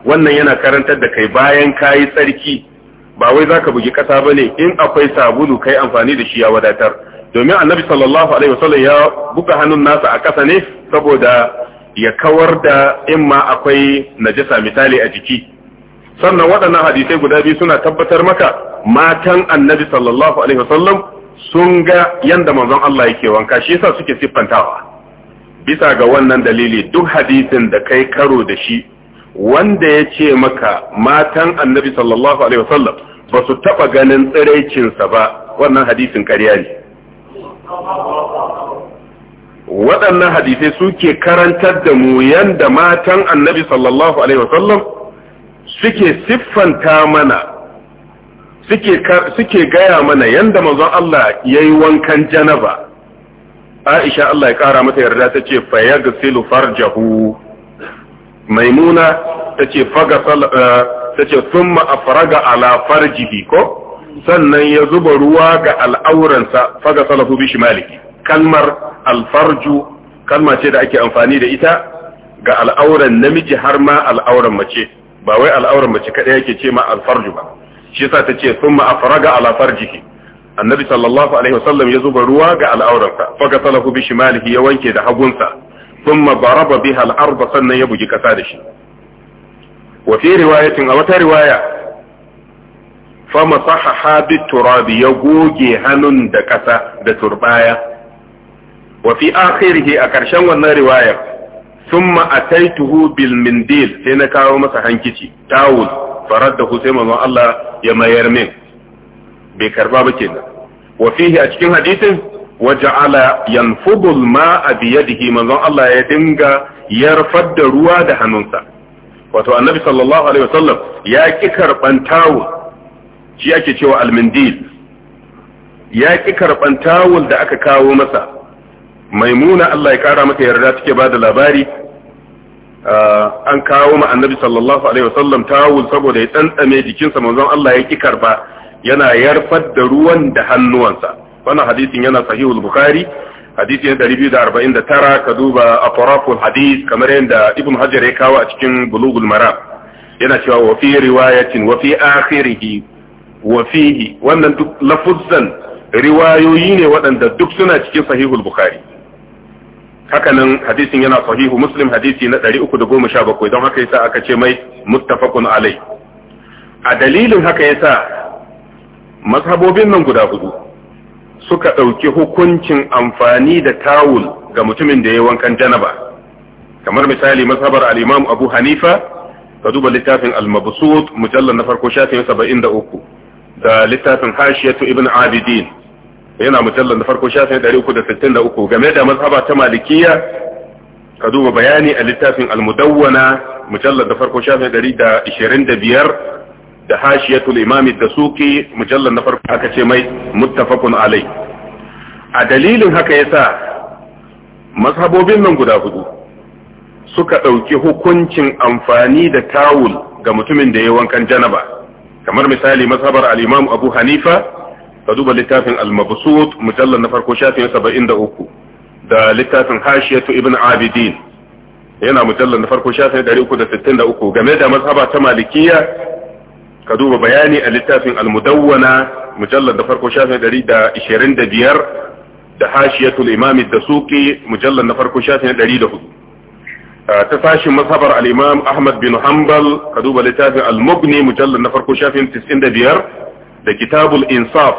wannan yana karantar da kai bayan kayi tsarki ba wai za ka bugi ƙasa ba ne in akwai sabulu kai amfani da shi ya wadatar domin annabi sallallahu alaihi wasallam ya buga hannun nasa a kasa ne saboda ya kawar da ma akwai najasa misali a jiki sannan waɗannan hadisai guda biyu suna tabbatar maka matan annabi sallallahu alaihi wasallam sun ga yanda manzon Allah yake wanka shi yasa suke siffantawa bisa ga wannan dalili duk hadisin da kai karo da shi wanda ya ce maka matan annabi sallallahu alaihi wasallam ba su taba ganin tsiraicinsa ba wannan hadisin ƙarya ne waɗannan hadisai suke karantar da mu yanda matan annabi sallallahu alaihi wasallam suke siffanta mana suke gaya mana yanda manzon Allah ya yi wankan janaba Aisha Allah ya ƙara mata yarda ta ce fayagsilu farjahu maimuna ta ce ta tace thumma afraga ala farjihi ko sannan ya zuba ruwa ga al'auransa faga salafu bi maliki kalmar alfarju kalma ce da ake amfani da ita ga al'auran namiji har ma al'auran mace ba wai al'auran mace kadai yake ce ma alfarju ba shi yasa tace thumma afraga ala farjihi annabi sallallahu alaihi wasallam ya zuba ruwa ga al'auransa faga salafu bi maliki ya wanke da hagunsa thumma baraba biha al'arba sannan ya bugi kasa da shi wa fi riwayatin a wata riwaya fa masahaha biturabi ya goge hannun da ƙasa da turbaya wa fi akhirihi a ƙarshen wannan riwayar summa tuhu bil mindil sai na kawo masa hankici tawul da sai manzon Allah ya mayar min bai karba ba kenan wa fihi a cikin hadisin waja'ala yanfudul ma'a bi yadihi manzon Allah ya dinga yarfar da ruwa da hannunsa wato annabi sallallahu alaihi wasallam ya ki karban tawul shi ake cewa almindil ya ki karban tawul da aka kawo masa maimuna Allah ya kara mata yarda take bada labari ah, an kawo ma annabi sallallahu alaihi wasallam tawul saboda ya tsantsame jikinsa manzon Allah ya ki karba yana yarfar da ruwan da hannuwansa wannan hadisin yana sahihul bukhari hadisi na 249 ka duba atraful hadis kamar yadda ibn hajar ya kawo a cikin bulugul mara yana cewa wa fi riwayatin wa fi akhirihi wa fihi wannan duk lafuzzan riwayoyi ne waɗanda duk suna cikin sahihul bukhari hakanan hadisin yana sahihu muslim hadisi na bakwai don haka yasa aka ce mai muttafaqun alai a dalilin haka yasa mazhabobin nan guda hudu suka ɗauki hukuncin amfani da tawul ga mutumin da ya wankan janaba kamar misali mazhabar al-imam abu hanifa ka duba littafin al-mabsut mujallal na farko shafin 73 da littafin hashiyatu ibn abidin yana mujallal na farko shafin 363 game da mazhaba ta malikiya ka duba bayani a littafin al-mudawwana mujallal da farko shafin 125 da hashiyatul imami da suki mujallar na farko aka ce mai muttafaqun alai a dalilin haka yasa mazhabobin nan guda hudu suka ɗauki hukuncin amfani da tawul ga mutumin da ya wankan janaba kamar misali mazhabar al-imam abu hanifa ka duba littafin al-mabsut mujallar na farko shafin 73 da littafin hashiyatu ibn abidin yana mujallar na farko shafin 363 game da mazhaba ta malikiya ka duba bayani a littafin al mujallar da farko shafin 125 da ishirin da da biyar hashiyatul imam da suke mujallar na farko shafin da hudu. ta sashin masabar al-imam ahmad bin hanbal ka duba littafin al-mughni mujallad na farko shafin tisin da biyar da kitabul insaf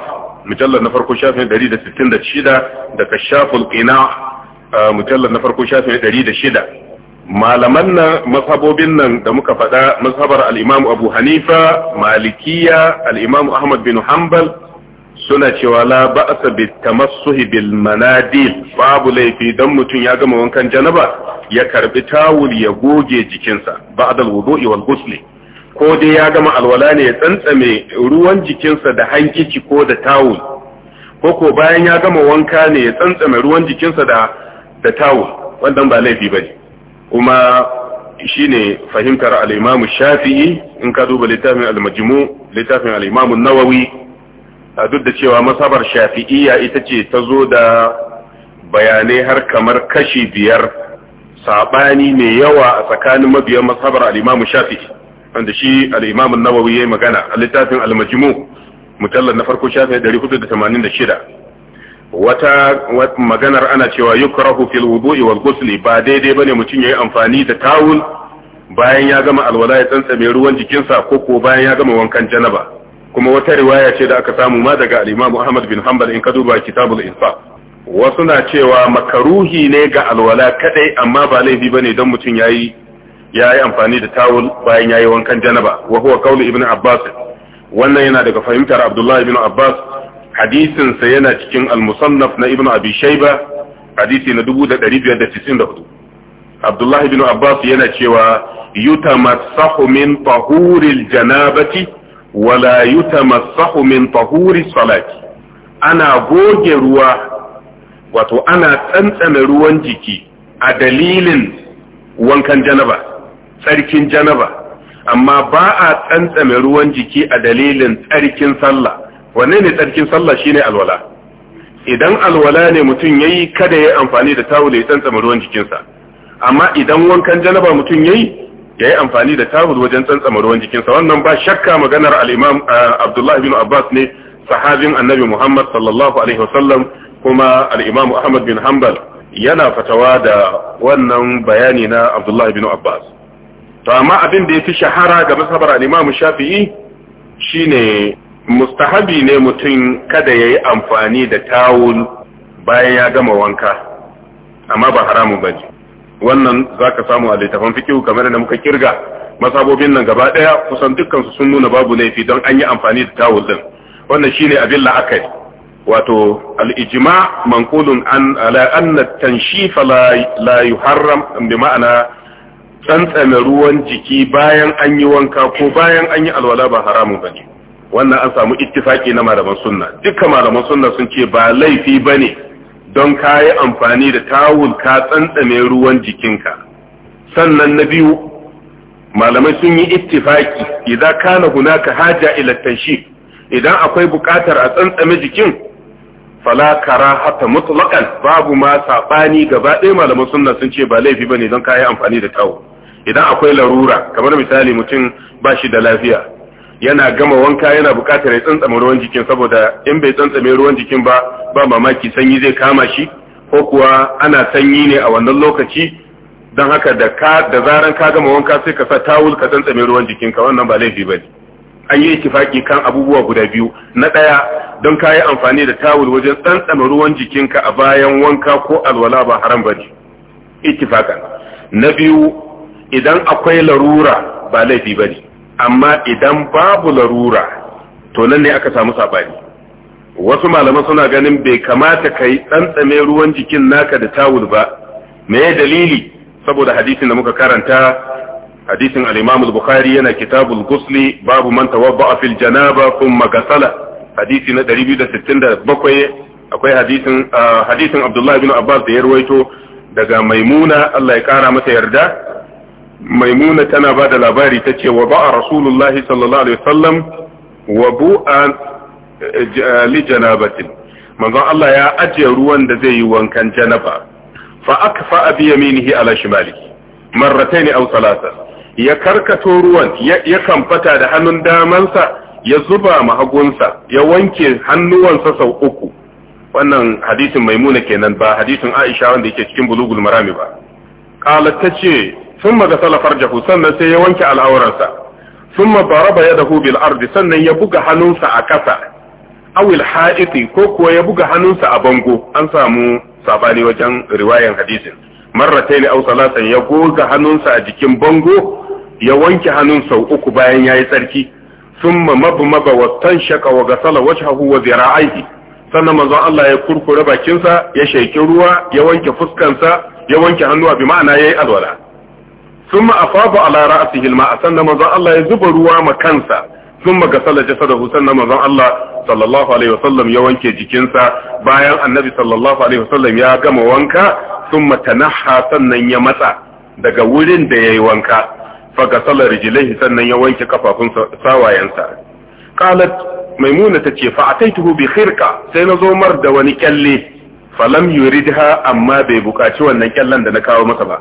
mujallar na farko shafin 166 da da da shida kashaful qina mujallar na farko shafin da shida. malaman nan mazhabobin nan da muka faɗa mazhabar al Abu Hanifa Malikiya al Ahmad bin Hanbal suna cewa la ba'sa bi tamassuhi bil manadil babu laifi dan mutum ya gama wankan janaba ya karbi tawul ya goge jikinsa ba'da wudui wal ghusli ko dai ya gama alwala ne ya tsantsame ruwan jikinsa da hankici ko da tawul ko ko bayan ya gama wanka ne ya tsantsame ruwan jikinsa da da tawul wannan ba laifi bane kuma shi ne fahimtar al'imamu Shafi'i in ka duba littafin al-Majmu littafin al nawawi a duk da cewa masabar Shafi'iyya ita ce ta zo da bayanai har kamar kashi biyar saɓani mai yawa a tsakanin mabiyan masabar al'imamu imam Shafi'i wanda shi al nawawi ya yi magana a littafin al-Majmu mujallal na farko shafi 486 wata maganar ana cewa yukrahu fil wudu'i wal ghusli ba daidai bane mutum yayi amfani da tawul bayan ya gama alwala ya tsantsame ruwan jikinsa ko ko bayan ya gama wankan janaba kuma wata riwaya ce da aka samu ma daga al-Imam Ahmad bin Hanbal in ka duba kitabul infaq wasu na cewa makaruhi ne ga alwala kadai amma ba laifi bane dan mutum yayi yayi amfani da tawul bayan yayi wankan janaba wa huwa qawlu ibn Abbas wannan yana daga fahimtar Abdullah ibn Abbas Hadisinsa yana cikin al-musannaf na ibnu abi shayba hadisi na 1594 abdullahi bin abbas yana cewa yutamassahu min tahuril janabati wala yutamassahu min tahuris salati ana goge ruwa wato ana tsantsana ruwan jiki a dalilin wankan janaba tsarkin janaba amma ba a tsantsame ruwan jiki a dalilin tsarkin sallah wanne ne tsarkin sallah shine alwala idan alwala ne mutum yayi kada ya amfani da tawul ya tsantsama ruwan jikinsa amma idan wankan janaba mutum yayi ya yi amfani da tawul wajen tsantsama ruwan jikinsa wannan ba shakka maganar al-imam eh, Abdullah bin Abbas ne sahabin annabi Muhammad sallallahu alaihi wasallam kuma al-imam Ahmad bin Hanbal yana fatawa da wannan bayani na Abdullah bin Abbas to amma abin da yafi shahara ga masabar al-imam Shafi'i shine mustahabi ne mutum kada ya yi amfani da tawul bayan ya gama wanka amma ba haramun ba ne wannan za ka samu a littafan fikihu kamar da muka kirga masabobin nan gaba ɗaya kusan dukkansu sun nuna babu laifi don an yi amfani da tawul din wannan shine abin la'akari wato al'ijima ijma manqulun an ala anna tanshif la yuharram bi ma'ana tsantsana ruwan jiki bayan an yi wanka ko bayan an yi alwala ba haramun bane wannan an samu ittifaki na malaman sunna dukkan malaman sunna sun ce ba laifi bane don kayi amfani da tawul ka tsantsame ruwan jikinka sannan na biyu malamai sun yi ittifaki idan kana hunaka haja ila idan akwai bukatar a tsantsame jikin fala hata mutlaqan babu ma sabani gaba ɗaya malaman sunna sun ce ba laifi bane don kayi amfani da tawul idan akwai larura kamar misali mutum ba shi da lafiya yana gama wanka yana buƙatar ya tsantsama ruwan jikin saboda in bai tsantsame ruwan jikin ba ba mamaki sanyi zai kama shi ko kuwa ana sanyi ne a wannan lokaci don haka da ka da zaran ka gama wanka sai ka sa tawul ka tsantsame ruwan jikinka wannan ba laifi bane an yi ittifaki kan abubuwa guda biyu na ɗaya don ka yi amfani da tawul wajen tsantsama ruwan jikin ka a bayan wanka ko alwala ba haram ba ne ittifakan na biyu idan akwai larura ba laifi ba ne amma idan babu larura to nan ne aka samu sabani wasu malaman suna ganin bai kamata kai tsantsame ruwan jikin naka da tawul ba me dalili saboda hadisin da muka karanta hadisin al-Imam bukhari yana kitabul ghusli babu man tawadda'a fil janaba thumma ghasala hadisi na 267 akwai hadisin ah, hadisin Abdullah ibn Abbas da ya daga Maimuna Allah ya kara masa yarda maimuna tana ba da labari ta ce wa ba'a rasulullahi sallallahu alaihi wasallam wa bu'a eh, li janabatin manzon Allah ya ajiye ruwan da zai yi wankan janaba fa akfa bi yaminihi ala shimalihi marratayn aw salasa ya karkato ruwan ya kamfata da hannun damansa ya zuba mahagunsa ya wanke hannuwansa sau uku wannan hadisin maimuna kenan ba hadisin aisha wanda yake cikin bulugul marami ba qalat tace thumma gasala jahu sannan sai ya wanke al'auransa thumma daraba yadahu bil ardi sannan ya buga hannunsa a kasa awil ha'iti ko kuwa ya buga hannunsa a bango an samu sabani wajen riwayan hadisin marrataini aw salatan ya goga hannunsa a jikin bango ya wanke hannun sau uku bayan yayi tsarki thumma mabmaba wa tanshaka wa gasala wajhahu wa zira'aihi sannan manzon Allah ya kurkura bakinsa ya sheki ruwa ya wanke fuskansa ya wanke hannu hannuwa bi ma'ana yayi alwala thumma afaba ala ra'sihi al-ma'a sannan manzon Allah ya zuba ruwa ma kansa thumma gasala jasadahu sannan manzon Allah sallallahu alaihi wasallam ya wanke jikinsa bayan annabi sallallahu alaihi wasallam ya gama wanka thumma tanahha sannan ya matsa daga wurin da yayi wanka fa gasala rijlaihi sannan ya wanke kafafun sawayensa qalat maimuna tace fa ataituhu bi hirka sai na zo mar da wani kyalle falam yuridha amma bai bukaci wannan kyallen da na kawo masa ba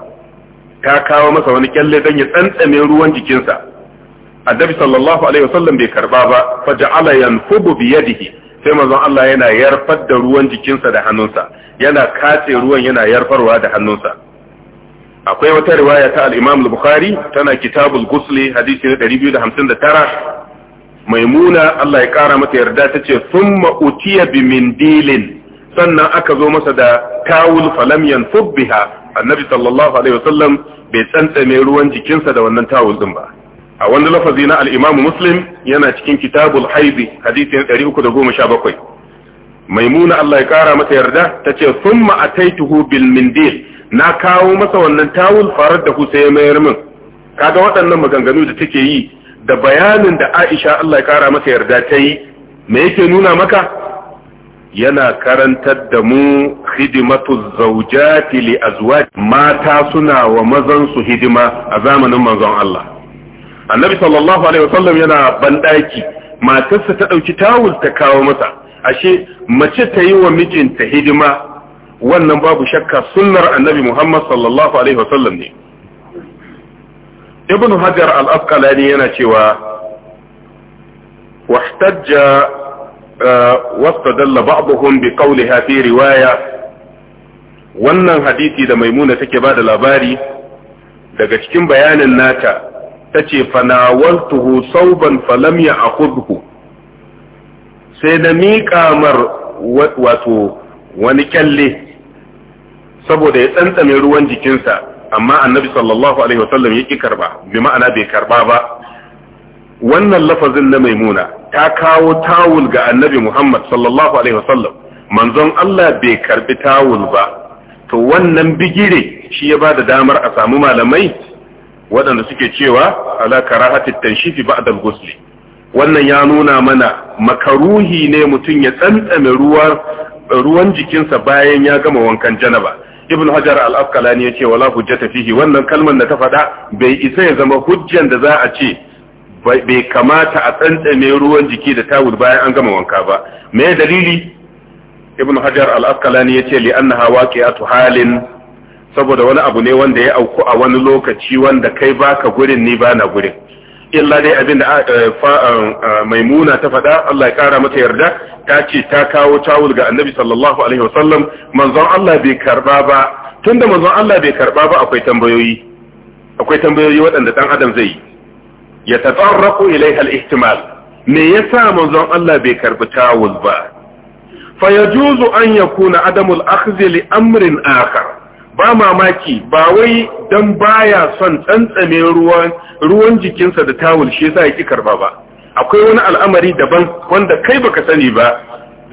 ta kawo masa wani kyalle dan ya tsantsame ruwan jikinsa annabi sallallahu alaihi wasallam bai karba ba fa ja'ala yanfubu bi yadihi sai manzon Allah yana yarfar da ruwan jikinsa da hannunsa yana kace ruwan yana yarfarwa da hannunsa akwai wata riwaya ta al-Imam al-Bukhari tana kitabul gusli hadisi na 259 maimuna Allah ya kara mata yarda tace thumma utiya bi mindilin sannan aka zo masa da tawul falam yanfub biha annabi sallallahu alaihi wasallam bai tsantsame ruwan jikinsa da wannan tawul din ba a wani lafazi na al-Imam Muslim yana cikin Kitabul Haid hadisin 317 Maimuna Allah ya kara mata yarda tace thumma ataituhu bil mindil na kawo masa wannan tawul farar da Husayn ya mayar min kaga waɗannan maganganu da take yi da bayanin da Aisha Allah ya kara mata yarda ta yi me yake nuna maka yana karantar da mu hidimatu zaujati li azwaj mata suna wa mazan su hidima a zamanin manzon Allah annabi sallallahu alaihi wasallam yana bandaki matarsa ta dauki tawul ta kawo masa ashe mace ta yi wa mijinta hidima wannan babu shakka sunnar annabi Muhammad sallallahu alaihi wasallam ne ibnu hajar al-asqalani yana cewa واحتج wastadalla ba'dhum bi ya fi riwaya wannan hadisi da maimuna take ba da labari daga cikin bayanin nata tace fanawaltuhu sauban falam ya'khudhu sai na miƙa mar wato wani kyalle saboda ya tsantsame ruwan jikinsa amma annabi sallallahu alaihi wasallam ya ƙi karba bi ma'ana bai karba ba wannan lafazin na maimuna ta kawo tawul ga annabi Muhammad sallallahu alaihi wasallam manzon Allah bai karbi tawul ba to wannan bigire shi ya ba da damar a samu malamai waɗanda suke cewa ala karahatit tanshifi ba'da da ghusl wannan ya nuna mana makaruhi ne mutum ya tsantsame ruwan jikinsa bayan ya gama wankan janaba ibn hajar al-asqalani yace wala hujjata fihi wannan kalmar da ta faɗa bai isa ya zama hujjan da za a ce bai kamata a tsantsame ruwan jiki da tawul bayan an gama wanka ba me dalili ibn hajar al-asqalani yace li annaha waqi'atu halin saboda wani abu ne wanda ya auku a wani lokaci wanda kai baka gurin ni bana gurin illa dai abin da eh, eh, maimuna ta faɗa Allah ya ƙara mata yarda ta ce ta kawo tawul ga annabi sallallahu alaihi wasallam manzon Allah bai karba ba tunda manzon Allah bai karba ba akwai tambayoyi akwai tambayoyi waɗanda dan adam zai yi ya tatarraqu ilaiha al-ihtimal me yasa manzon Allah bai karbi tawul ba fa yajuzu an yakuna adamul akhdh li amrin akhar ba mamaki ba wai dan baya son tsantsame ruwan ruwan jikinsa da tawul shi yasa yake karba ba akwai wani al'amari daban wanda kai baka sani ba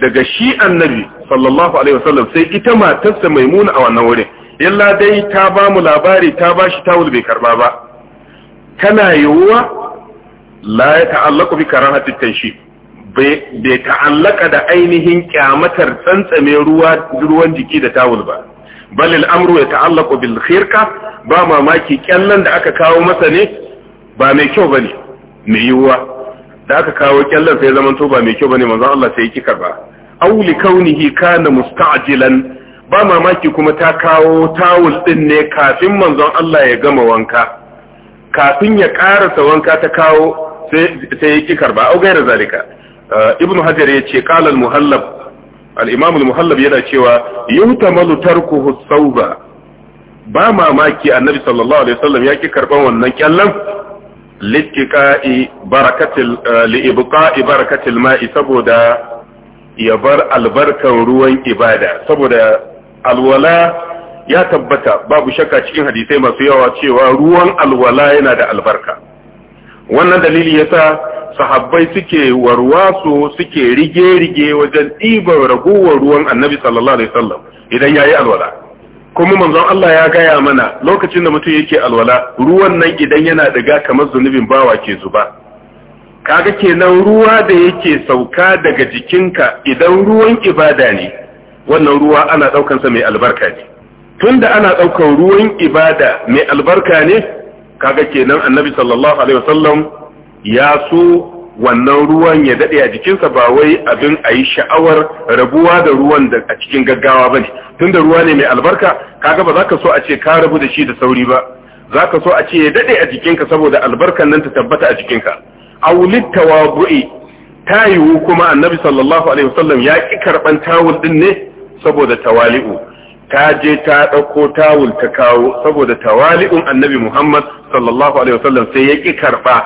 daga shi annabi sallallahu alaihi wasallam sai ita matarsa maimuna a wannan wurin yalla dai ta ba mu labari ta ba shi tawul bai karba ba tana yiwuwa la ya ta'allaku bi karahati tanshi bai ta'allaka da ainihin kyamatar tsantsame ruwa ruwan jiki da tawul ba bal al-amru ya ta'allaka bil khirka ba mamaki kyallan da aka kawo masa ne ba mai kyau bane mai yiwuwa da aka kawo kyallan sai zaman to ba mai kyau bane manzon Allah sai yake karba aw li kaunihi kana musta'jilan ba mamaki kuma ta kawo tawul din ne kafin manzon Allah ya gama wanka kafin ya karasa wanka ta kawo sai ya ƙi karba au gaira zalika uh, ibnu hajar ya ce qala muhallab al'imamul muhallab yana cewa yuhtamalu tarkuhu hussau ba mamaki annabi sallallahu alaihi wasallam ya ƙi karban wannan kyallan littiqa'i barakatil uh, barakatil ma'i saboda ya bar albarkan ruwan ibada saboda alwala ya tabbata babu shakka cikin hadisai masu yawa cewa ruwan alwala yana da albarka wannan dalili yasa sahabbai suke warwaso suke rige-rige wajen ɗibar ragowar ruwan annabi sallallahu alaihi wasallam idan yayi alwala kuma manzon Allah ya gaya mana lokacin da mutum yake alwala ruwan nan idan yana daga kamar zunubin bawa ke zuba kaga kenan ruwa da yake sauka daga jikinka idan ruwan ibada ne wannan ruwa ana daukansa mai albarka ne tunda ana ɗaukar ruwan ibada mai albarka ne kaga kenan annabi sallallahu alaihi wasallam ya so wannan ruwan ya daɗe a jikinsa ba wai abin a yi sha'awar rabuwa da ruwan da a cikin gaggawa ba ne tun da ruwa ne mai albarka kaga ba za ka so a ce ka rabu da shi da sauri ba za ka so a ce ya daɗe a jikinka saboda albarkan nan ta tabbata a jikinka aulit tawabu'i ta yiwu kuma annabi sallallahu alaihi wasallam ya ki karɓan tawul din ne saboda tawali'u ta je ta ɗauko tawul ta kawo saboda tawali'un annabi Muhammad sallallahu alaihi wasallam sai ya ƙi karɓa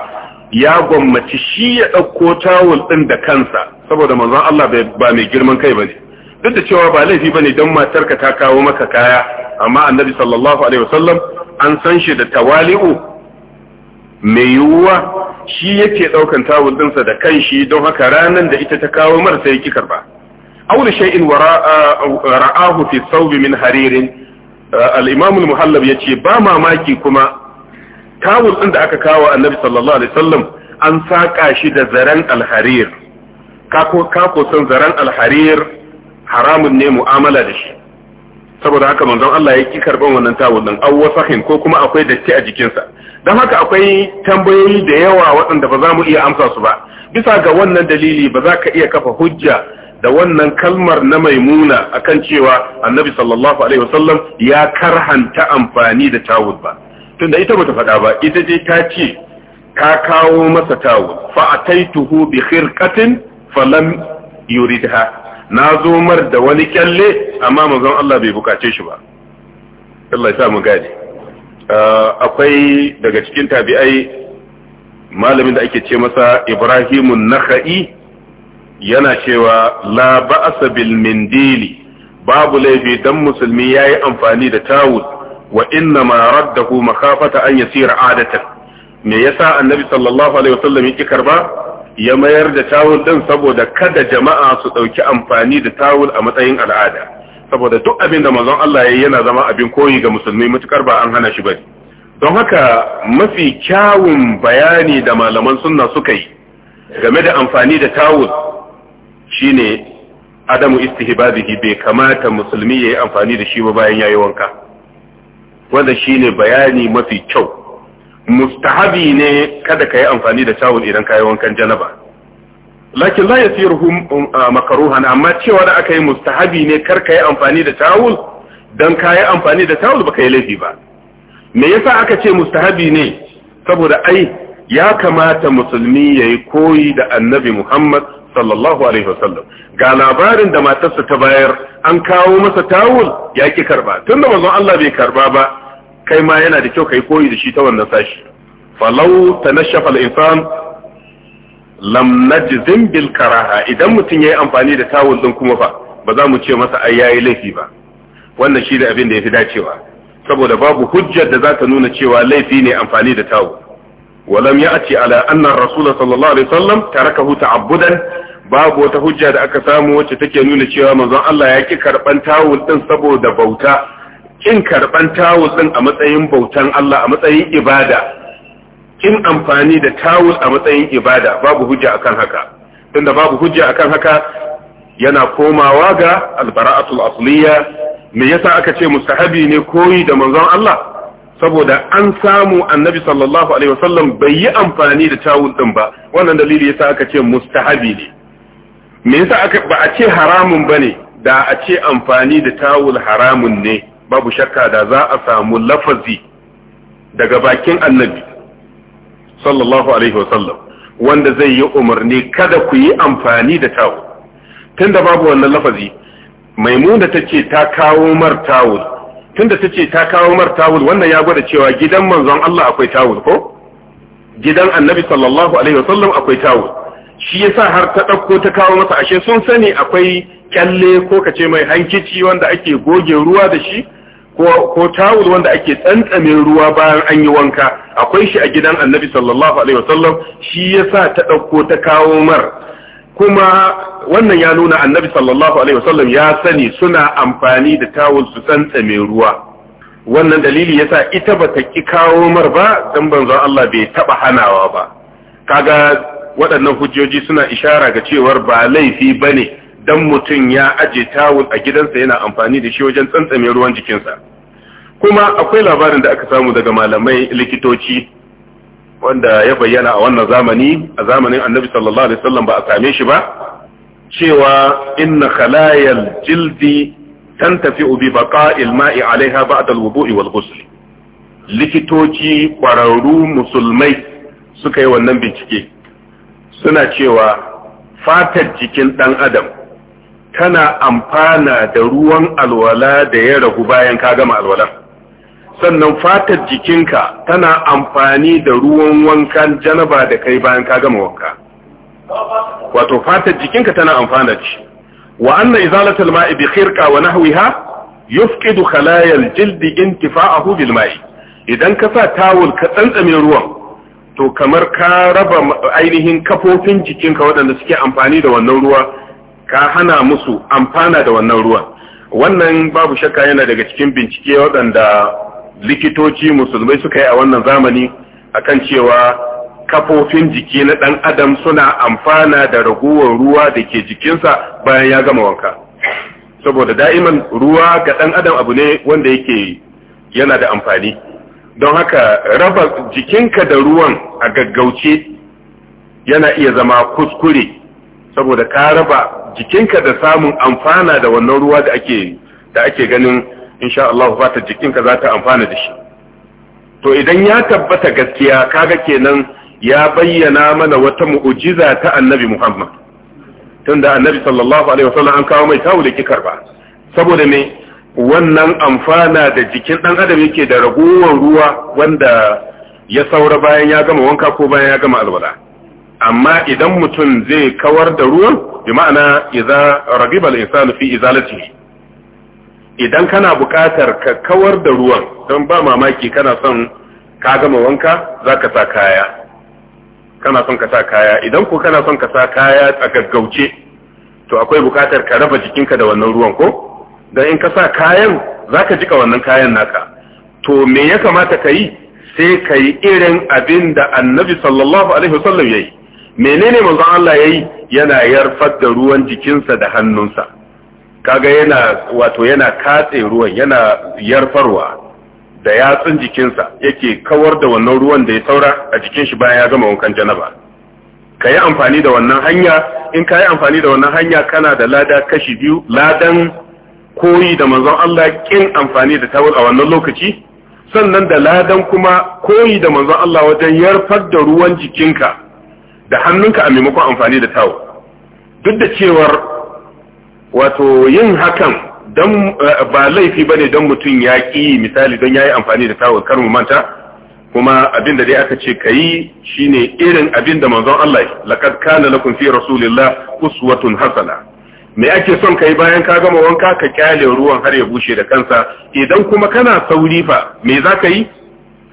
ya gwammaci shi ya ɗauko tawul ɗin da kansa saboda manzon Allah ba mai girman kai ba ne duk da cewa ba laifi ba ne don matarka ta kawo maka kaya amma annabi sallallahu alaihi wasallam an san shi da tawali'u mai yiwuwa shi yake ɗaukan tawul ɗinsa da kanshi don haka ranar da ita ta kawo mara sai ya ƙi karɓa aw li shay'in ra'ahu fi thawbi min haririn al-imam al-muhallab ba mamaki kuma tawul ɗin da aka kawo a annabi sallallahu alaihi wasallam an saka shi da zaren al-harir kako san zaren al haramun ne mu'amala da shi saboda haka manzon Allah ya ki karban wannan tawul din aw ko kuma akwai datti a jikinsa don haka akwai tambayoyi da yawa waɗanda ba za mu iya amsa su ba bisa ga wannan dalili ba za ka iya kafa hujja da wannan kalmar na maimuna akan cewa annabi sallallahu alaihi wasallam ya karhanta amfani da tawul ba tunda ita bata faɗa ba ita dai ta ce ka kawo masa tawul fa ataituhu bi khirqatin falam yuridha na zo mar da wani kyalle amma manzon Allah bai bukace shi ba Allah ya sa mu gane uh, akwai daga cikin tabi'ai malamin da ake ce masa Ibrahimun Nakhai yana cewa la ba'sa bil mindili babu laifi dan musulmi yayi amfani da tawul wa inna ma raddahu makhafata an yasira adatan me yasa annabi sallallahu alaihi wasallam yake karba ya mayar da tawul din saboda kada jama'a su dauki amfani da tawul a matsayin al'ada saboda duk abin da manzon Allah yayi yana zama abin koyi ga musulmi mutukar ba an hana shi bane don haka mafi kyawun bayani da malaman sunna suka yi game da amfani da tawul shine adamu istihbabihi bai kamata musulmi yayi amfani da shi ba bayan yayi wanka wanda shine bayani mafi kyau mustahabi ne kada ka yi amfani da tawul idan ka yi wankan janaba lakin la yasiruhu um, uh, makruhan amma cewa da aka yi mustahabi ne kar ka yi amfani da tawul dan ka yi amfani da tawul baka yi laifi ba me yasa aka ce mustahabi ne saboda ai ya kamata musulmi yayi koyi da annabi Muhammad sallallahu alaihi wasallam ga labarin da matarsa ta bayar an kawo masa tawul ya ki karba tunda manzon Allah bai karba ba kai ma yana da kyau kai koyi da shi ta wannan sashi falau tanashafa al-insan lam najzim bil karaha idan mutum ya yi amfani da tawul din kuma fa ba za mu ce masa ai yayi laifi ba wannan shi da abin da ya fi dacewa saboda babu hujjar da za ta nuna cewa laifi ne amfani da tawul ولم يأتي على أن الرسول صلى الله عليه وسلم تركه تعبدا babu wata hujja da aka samu wacce take nuna cewa manzon Allah ya ki karban tawul din saboda bauta kin karban tawul din a matsayin bautan Allah a matsayin ibada kin amfani da tawul a matsayin ibada babu hujja akan haka tunda babu hujja akan haka yana komawa ga albara'atul asliya me yasa aka ce mustahabi ne koyi da manzon Allah saboda an samu annabi sallallahu alaihi wasallam bai yi amfani da tawul din ba wannan dalili yasa aka ce mustahabi ne me yasa aka ba a ce haramun bane da a ce amfani da tawul haramun ne babu shakka da za a samu lafazi daga bakin annabi sallallahu alaihi wasallam wanda zai yi umarni kada ku yi amfani da tawul tunda babu wannan lafazi maimuna tace ta kawo mar tawul tunda ta ce ta kawo mar tawul wannan ya gwada cewa gidan manzon Allah akwai tawul ko gidan annabi sallallahu alaihi wasallam akwai tawul shi yasa har ta ɗauko ta kawo masa ashe sun sani akwai kyalle ko kace mai hankici wanda ake goge ruwa da shi ko tawul wanda ake tsantsame ruwa bayan an yi wanka akwai shi a gidan annabi sallallahu alaihi wasallam shi yasa ta dauko ta kawo mar kuma wannan ya nuna annabi sallallahu alaihi wasallam ya sani suna amfani da tawul su tsantsame ruwa wannan dalili yasa ita bata ki kawo mar ba dan banzo Allah bai taba hanawa ba kaga waɗannan hujjoji suna ishara ga cewar ba laifi bane dan mutum ya aje tawul a gidansa yana amfani da shi wajen tsantsame ruwan jikinsa kuma akwai labarin da aka samu daga malamai likitoci wanda ya bayyana a wannan zamani a zamanin annabi sallallahu alaihi wasallam ba a same shi ba cewa inna khalayal jildi tantafi bi baqa'il ma'i 'alayha ba'da al-wudu'i wal ghusl likitoci kwararru musulmai suka yi wannan bincike suna cewa fatar jikin dan adam tana amfana da ruwan alwala da ya ragu bayan ka gama alwalar sannan fatar jikinka tana amfani da ruwan wankan janaba da kai bayan ka gama wanka wato fatar jikinka tana amfana da shi wa anna izalatul ma'i bi khirqa wa nahwiha yufqidu khalayal jildi intifa'ahu bil ma'i idan ka sa tawul ka tsantsame ruwan to kamar ka raba ainihin kafofin jikinka waɗanda suke amfani da wannan ruwa ka hana musu amfana da wannan ruwan wannan babu shakka yana daga cikin bincike wadanda. likitoci musulmai suka yi a wannan zamani akan cewa kafofin jiki na ɗan adam suna amfana da raguwar ruwa da ke jikinsa bayan ya gama wanka saboda da'iman ruwa ga ɗan adam abu ne wanda yake yana da amfani don haka raba jikinka da ruwan a gaggauce yana iya zama kuskure saboda ka raba jikinka da samun amfana da wannan ruwa da ake ganin insha Allah ta jikinka za ta amfana da shi to idan ya tabbata gaskiya kaga kenan ya bayyana mana wata mu'ujiza ta annabi Muhammad tunda annabi sallallahu alaihi wasallam an kawo mai tawul ki karba saboda me wannan amfana da jikin dan adam yake da ragowar ruwa wanda ya saura bayan ya gama wanka ko bayan ya gama alwala amma idan mutum zai kawar da ruwan bi ma'ana idza ragiba al-insanu fi izalatihi idan kana buƙatar ka kawar da ruwan don ba mamaki kana son ka gama wanka za ka sa kaya kana son ka sa kaya idan ko kana son ka sa kaya a gaggauce to akwai buƙatar ka raba jikinka da wannan ruwan ko don in ka sa kayan za ka jika wannan kayan naka to me ya kamata ka yi sai ka yi irin abin da annabi sallallahu alaihi wasallam ya yi menene manzon Allah ya yi yana yarfar da ruwan jikinsa da hannunsa kaga yana wato yana katse ruwan yana yarfarwa da yatsun jikinsa yake kawar da wannan ruwan da ya saura a jikin shi bayan ya gama wankan janaba ka yi amfani da wannan hanya in ka yi amfani da wannan hanya kana da lada kashi biyu ladan koyi da manzon Allah kin amfani da tawul a wannan lokaci sannan da ladan kuma koyi da manzon Allah wajen yarfar da ruwan jikinka da hannunka a maimakon amfani da tawul duk da cewar wato yin hakan dan eh, ba laifi bane dan mutum ya ki misali ya yayi amfani da tawo karmu manta kuma abin da dai aka ce kayi shine irin abin da manzon Allah laqad kana lakum fi rasulillah uswatun hasana me ake son kai bayan ka gama wanka ka kyale ruwan har ya bushe da kansa idan kuma kana sauri fa me zaka yi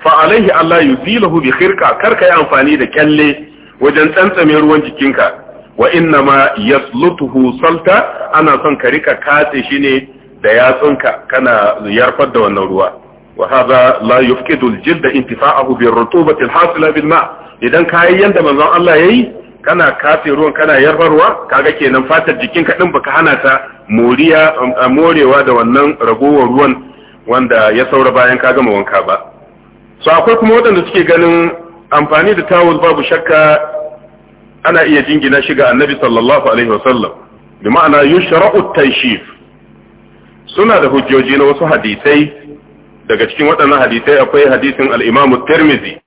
fa alaihi Allah yuzilahu bi khirqa kar kai amfani da kyalle wajen tsantsame ruwan jikinka wa inna ma yaslutuhu salta ana son ka rika katse shi ne da yatsunka kana yarfar da wannan ruwa wa hadha la yufqidu al-jild intifa'ahu bi ar-rutubati al-hasila bil ma' idan kayi yanda manzon Allah yayi kana katse ruwan kana yarfarwa kaga kenan fatar jikinka din baka hana ta moriya morewa da wannan ragowar ruwan wanda ya saura bayan ka gama wanka ba so akwai kuma waɗanda suke ganin amfani da tawul babu shakka ana iya jingina shi ga annabi sallallahu alaihi wasallam bi ma'ana yushra'u tayshif suna da hujjoji na wasu hadisai daga cikin waɗannan hadisai akwai hadisin al imamu Tirmidhi